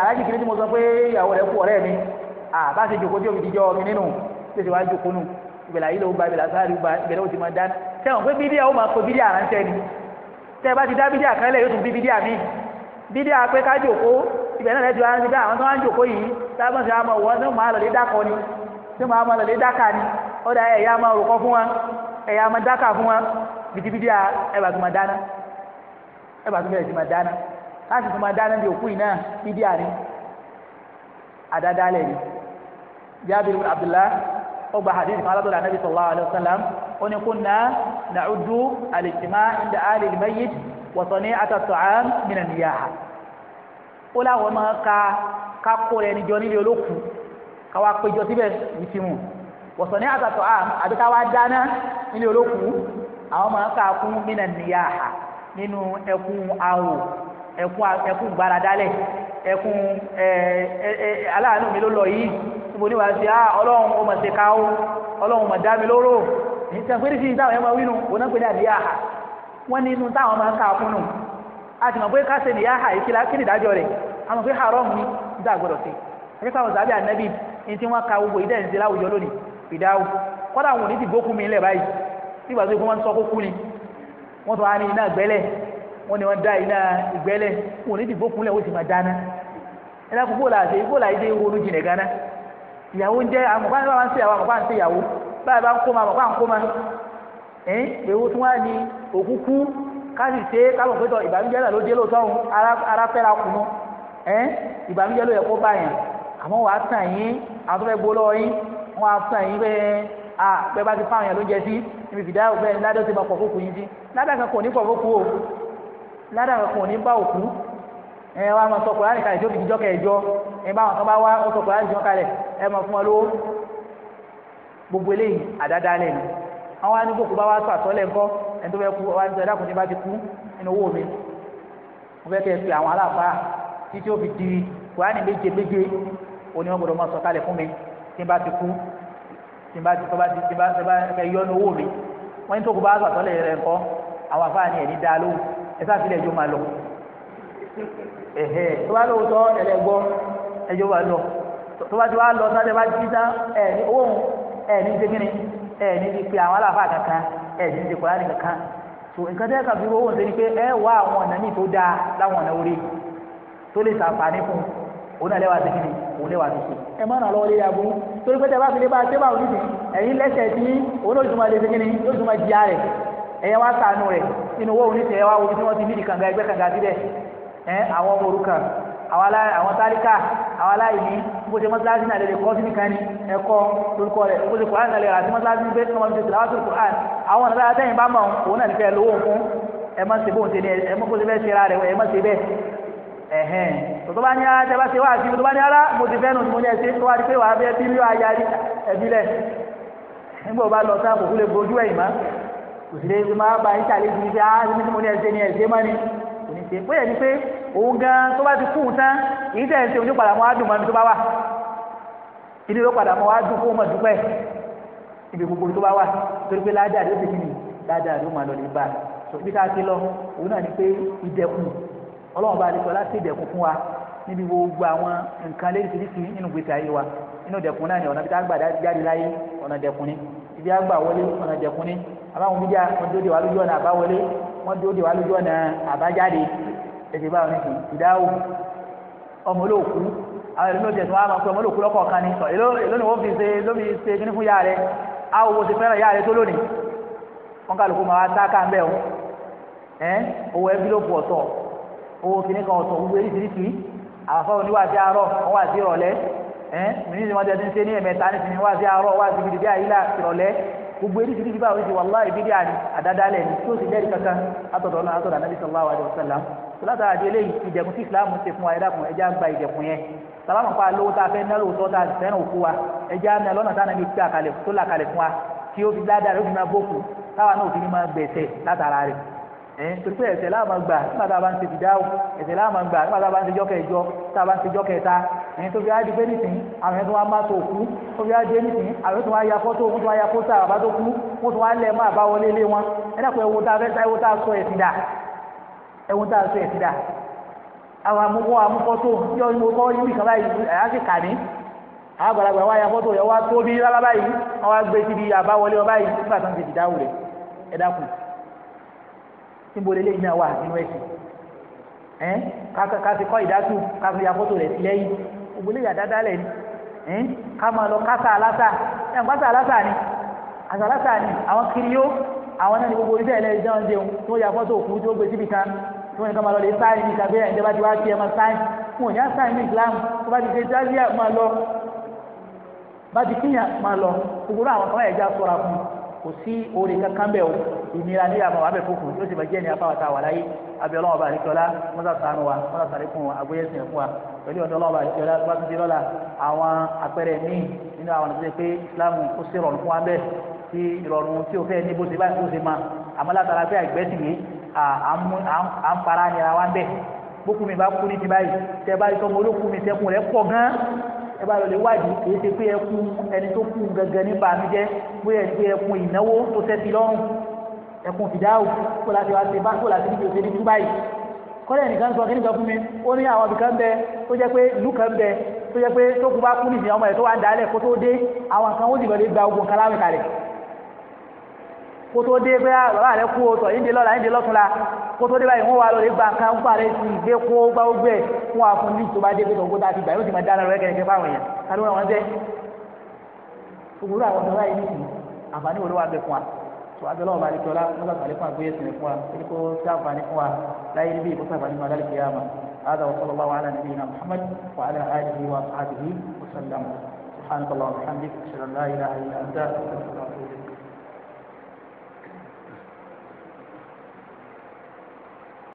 aláàjì kìíní tí mo sọ pé ìyàwó rẹ̀ kú ọ̀rẹ́ mi àbá ṣe jòkó tí omi jíjọ mi nínú tí ti wá jòkó nù ìbẹ̀lẹ̀ ayé ló gba ìbẹ̀lẹ̀ asáàrí gba ìbẹ̀lẹ̀ òtí máa dáná sẹ́wọ̀n pé bídíà ó máa pe bídíà ránṣẹ́ ni tẹ́ bá ti dá bídíà kan lẹ̀ yóò tún bí bídíà míì bídíà pé ká jòkó ibẹ̀ náà lẹ́tí wá ní bá àwọn tó wá ń jòkó yìí táwọn sì máa wọ́n tí wọ́n máa lọ lé dákọ̀ ni tí wọ́n máa lọ lé dákà ni ó dá ẹ̀yà máa rò kọ́ fún wa ẹ̀yà máa dákà fún wa bìtìbìtì à ẹ̀bà tó máa dáná ẹ̀bà tó bẹ̀rẹ̀ sí máa dáná láti tó máa dáná bí òkú yìí náà bídí àní àdádálẹ̀ ni Jabir ibn ó gba hadith kan alátọ́lá anábì sallallahu alayhi wa sallam ó láwọn máa ka kákó rẹ̀ níjọ nílé olókùú káwa péjọ síbẹ̀ ìfimù wọ̀sán ní àtàtọ̀ àm àbí káwa dáná nílé olókùú àwọn máa ka kún nínà níyàhà nínú ẹkún ahò ẹkún gbaradálẹ̀ ẹkún aláàánú mi ló lọ yìí níbo ní wàá sí á ah, ọlọ́run ó mà ṣe ká ó ọlọ́run mà dá mi lóró ní sẹ́ńpẹ́rì táwọn ẹ̀ wínú òun náà pè ní àdíyàhà wọ́n ní táwọn máa ka kún nù a ti mọ̀ pé káṣe nìyá kí ni ìdájọ́ rẹ̀ a mọ̀ pé haram ni dá gbọ́dọ̀ sí ẹjẹ́ káwọn sàbí ànábì ní tí wọ́n ka gbogbo ìdẹ́ ìṣe láwùjọ lónìí fìdáwù kọ́dà wọn ní ti gbókú mi lẹ̀ báyìí nígbà tó kó wọn sọ kókú ni wọ́n tó wá ní iná gbẹ́lẹ̀ wọ́n ní wọ́n dá iná ìgbẹ́lẹ̀ wọn ò ní ti gbókú lẹ̀ wọ́n sì máa dáná ẹ̀dá kó bóòlà àti bóòlà ìdè ìwòrú jìnà gánà ìyàwó ń jẹ́ àmọ̀pá ń bá ń ṣe àwọn àmọ̀pá ń ṣe ìyàwó káàsì ṣe káàbọ̀ pé tọ ìbànújẹ́ náà ló dé lóòótọ́ ọ̀hún ara fẹ́ra kùnú ẹ́n ìbànújẹ́ ló yẹ kó bá yàn àmọ́ wàá tàn yín àwọn tó fẹ́ gbó lọ́wọ́ yín wọ́n á tàn yín bẹ́ẹ̀ à bẹ́ẹ̀ bá ti fáwọn yàn ló jẹ sí ibi fìdá bẹ́ẹ̀ ni ládọ́ ti bá pọ̀fókù yín sí ládà kan kò ní pọ̀fókù o ládà kan kò ní bá òkú ẹ wá máa sọ kùránì kalẹ̀ tó fi jíjọ́ kẹjọ ẹ bá wọn kan bá wá ó sọ kùránì jíjọ́ kalẹ̀ ẹ máa fún wọn lówó gbogbo eléyìí àdáda lẹ́nu àwọn wa ní gbòkú bá wá sọ àtọ́lẹ̀ ńkọ́ ẹni tó fẹ́ kú wa ní sọ ẹ̀dàkùn ní bá ti kú nínú owó mi mo fẹ́ kẹ́ ẹ fi àwọn aláàbá títí ó fi di kùránì méje méje òní wọn gbọdọ̀ máa sọ kalẹ̀ fún mi tí n bá ti kú tí n bá ti tọ́ba ti bá ti yọ ní owó mi wọ́n ní tó kú bá sọ àtọ́lẹ̀ rẹ̀ ńkọ́ àwọn afáàní ẹ̀ ní dá lóhùn ẹ sáà ẹjọ́ máa lọ ẹ̀hẹ́ tó bá lóòótọ́ ẹlẹ́gbọ́ ẹjọ́ máa lọ tó bá ti wá lọ sáré bá jí tán ẹ̀ ní owó ẹ̀ ní ṣe kíni ẹ ní ti pe àwọn aláfa kankan ẹ ní ti kọ́lá nìkankan so nǹkan tẹ́ kàfi owó ń sẹ́ni pé ẹ wá àwọn ọ̀nà míì tó dáa láwọn ọ̀nà orí tó lè sàǹfààní fún òun náà lẹ́wà sí kíni òun lẹ́wà sí sí ẹ má ràn lọ́wọ́ lé yàgò torí pé tẹ́ bá fi lé bá a tẹ́ bá òun nìsín ẹ̀yin lẹ́sẹ̀ tí òun ló tún máa lé sí kíni ló tún máa jìyà rẹ̀ ẹ̀yẹ wá sànù rẹ̀ inú owó òun nìsín ẹ̀ wá wo bí wọ́n ti ní ìdí kànga ẹgbẹ́ kànga síbẹ̀ ẹ̀ àwọn ọmọ òrukàn àwọn tálíkà àwọn aláìní bó ṣe mọ́sálásí náà lè lè kọ́ sí nìkan ní ẹ̀kọ́ lórúkọ rẹ̀ bó ṣe kùrán náà lè rà sí mọ́sálásí ní bẹ́ẹ̀ wọ́n ti tìlá wáṣọ kùrán àwọn ọ̀nà dáadáa tẹ́yìn bá mọ̀ òun náà nífẹ̀ẹ́ lówó fún ẹ má ṣe bóun ṣe ní ẹ má ṣe bẹ́ẹ̀ ṣe ra rẹ̀ ẹ má ṣe bẹ́ẹ̀ ẹ̀hẹ́n tòtò bá ní ara ah, tẹ́ bá ṣe wá àti tòtò bá ní ara ah, mo ti fẹ́nu mo ní ẹsẹ̀ tó wá di pé wàá bẹ́ẹ̀ bí yóò ayá ẹbí lẹ̀ nígbà wo bá lọ sáà kò kú lè bojú ẹ̀yìn má kò sì lè máa bá yín ṣàlejò ní ṣe á ní mo ní ẹsẹ̀ ní ẹsẹ̀ má ni ṣe bóyá ni pé òun gan tó bá ti kú tán èyí tẹ̀ ń ṣe ojú padà mọ́ adùn mọ́ni tó bá wà ilé ló padà mọ́ adùn kó mọ̀ dúpẹ́ ibi gbogbo tó bá wà torí pé ládàá ló ti kí ni ládàá ló máa lọ lè bá ibi tá a ti lọ òun náà ni pé ìdẹ̀kùn ọlọ́run bá a lè sọ láti ìdẹ̀kùn fún wa níbi gbogbo àwọn nǹkan léríṣiríṣi nínú gbèsè ayé wa inú dẹ̀kùn náà ni ọ̀nà bíi tá a gbà jáde láyé ọ̀nà dẹ̀kùn ni ibi àgbà wọlé ọ̀nà dẹ̀kùn ni àbáwọn bíi díà ọ̀dọ́dẹ wà lójú ọ̀nà àbáwọlé wọ́n dúró de wá lójú ọ̀nà àbájáde ẹ̀sìn báwọn nìkan ìdáwó ọmọ olóòkú àwọn ìlú lóde tí wọ́n á máa pé ọmọ olóòkú lọ́kọ̀ kan ní sọ èló ni wọ́n fi ṣe lómi ṣe kíní fún yára rẹ̀ àwọn owó ti fẹ́ràn yára rẹ̀ tó lónìí wọ́n kálukú máa tá ká ń bẹ̀ o ẹ̀ owó ẹ́ńfílópù ọ̀tọ̀ owó kíní kan ọ̀tọ̀ gbogbo eríṣiríṣi àwọn afọ́ wà sí ìrọ̀lẹ́ gbogbo eréṣiríṣi báwo ṣe wàllá ìbílẹ̀ àrí àdádálẹ̀ ni tí ó sì lẹ́rìí kankan látọ̀dọ̀ ọ̀nà àtọ̀dọ̀ anábì sallallahu alaihi wasallam látà àdé eléyìí ìdẹ̀kùn tí ìsìlámù ṣe fún wa ẹ̀dá kun ẹja gba ìdẹ̀kùn yẹn sàlámù pa lówó tá a fẹ́ nálò tó tá a fẹ́ràn òkú wa ẹja ní alọ́nà tá a nàbí tó là kalẹ̀ náà ní máa gbẹ̀sẹ̀ látara ẹ eh, torí pé ẹsẹ̀ láàmà gbà nígbà tá a bá ń ṣe fìdáwò ẹsẹ̀ láàmà gbà nígbà tá a bá ń ṣe jọ́kẹ́ ìjọ tá a bá ń ṣe jọ́kẹ́ ẹ̀ta ẹ̀yin tó fi á di pé nìsín àwọn ẹni tó wá má tó kú tó fi á di nìsín àwọn ẹni tó wá ya fọ́tò wọn tó wá ya fọ́tà àbá tó kú wọn tó wá lẹ̀ mọ́ àbá wọlé ilé wọn ẹ dàpọ̀ tá a fẹ́ ẹwọ tá a sọ ẹ̀sìn dà ẹwọ tá a sọ ẹ̀sìn dà àwọn amúkọ́ amúkọ́tò yọ ní mo kọ́ yíbi kan báyìí àyà sì kà ní àgbàlagbà wa ya fọ́tò yẹ wá tóbi lábá báyìí wọn wá gbé síbi àbáwọlé wọn báyìí nígbà tó ń ti dìdáwò rẹ̀ ẹ níbo lélẹ́ yìí náà wà nínú ẹ̀sìn ẹ̀ kásì kọ́ ìdásù kásì yàfótó rẹ̀ sí lẹ́yìn gbogbo lè yàdá dálẹ̀ ni ẹ̀ ká máa lọ kásà alásà ẹ̀ kásà alásà ni àṣà alásà ni àwọn kiri yó àwọn náà ni gbogbo orí bẹ́ẹ̀ lẹ́yìn jẹun jẹun tó yàfótó òkú tó gbé síbi kan tó ní ká máa lọ lè sáyìn ní ìsàgbé ìjọba ti wá sí ẹmọ sáyìn fún òní àsáyìn ní Islam tó bá ti ṣe járíà máa lọ bá ti kíyàn máa lọ gbogbo àwọn kan ẹ̀já sọ̀rọ̀ fún kò sí oore ìnira ní àmọ́ wàá bẹ̀ fún kùn yóò sì máa jẹ́ ní afáwà tá a wà láyé abẹ́ ọlọ́wọ́ bá àdìkọ́lá mọ́tà sànù wa mọ́tà sàrékùn àgbóyè sìn fún wa pẹ̀lú ọ̀dọ́ ọlọ́wọ́ bá àdìkọ́lá bá tún dé lọ́la àwọn àpẹẹrẹ míì nínú àwọn àti pé Islam kò sí ìrọ̀rùn fún wa bẹ́ẹ̀ tí ìrọ̀rùn tí o fẹ́ ní bó ti báyìí bó ti máa àmọ́ látara pé àgbẹ̀sìn yìí à ń para nira wa bẹ́ẹ̀ bókú mi bá kú ní ti báyìí gan ẹ bá lọ lè wádìí kì í ṣe pé ẹkún ẹni tó kú gangan nípa mi jẹ bóyá ẹni pé ìnáwó tó tẹ́ lọ́rùn ẹkùn fìdáwò kó láti wá ṣe bá kó láti níbi òṣèlú tú báyìí kọ́lẹ̀ nìkan sọ kíníkan fún mi ó ní àwọn ibìkan bẹ tó jẹ́ pé ìlú kan bẹ tó jẹ́ pé tó kú bá kú nìyí ọmọ ẹ̀ tó wà ń dalẹ̀ kó tó dé àwọn kan ó sì lọ́ọ́ lè gba ogun kan láwìn kalẹ̀ kó tó dé pé ah, bàbá rẹ kú o tọ̀ yín dé lọ́la yín dé lọ́túnla kó tó dé báyìí wọ́n wà lọ lè gba nǹkan gbà rẹ sí ìgbé kó gbá ó gbẹ fún wa fún ní tó bá dé pé tọ̀gbọ́n láti gbà yóò ti máa dára rẹ kẹ̀kẹ́ fáwọn èèyàn kálí wọn jẹ́ òwúrọ̀ àwọn ọ̀dọ́ báyìí nìyí àǹfààní wo ló wà bẹ fún wa tó abẹ́ lọ́wọ́ balẹ̀ kíọ́lá wọ́n bá balẹ̀ fún àgbóyè sinmi fún wa torí kó sáfàní fún wa láyé níbí kó sáfàní fún wa lálẹ́ kíyàmà هذا وصلى الله على نبينا محمد وعلى اله واصحابه وسلم سبحانك اللهم وبحمدك اشهد ان لا اله الا انت استغفرك واتوب اليك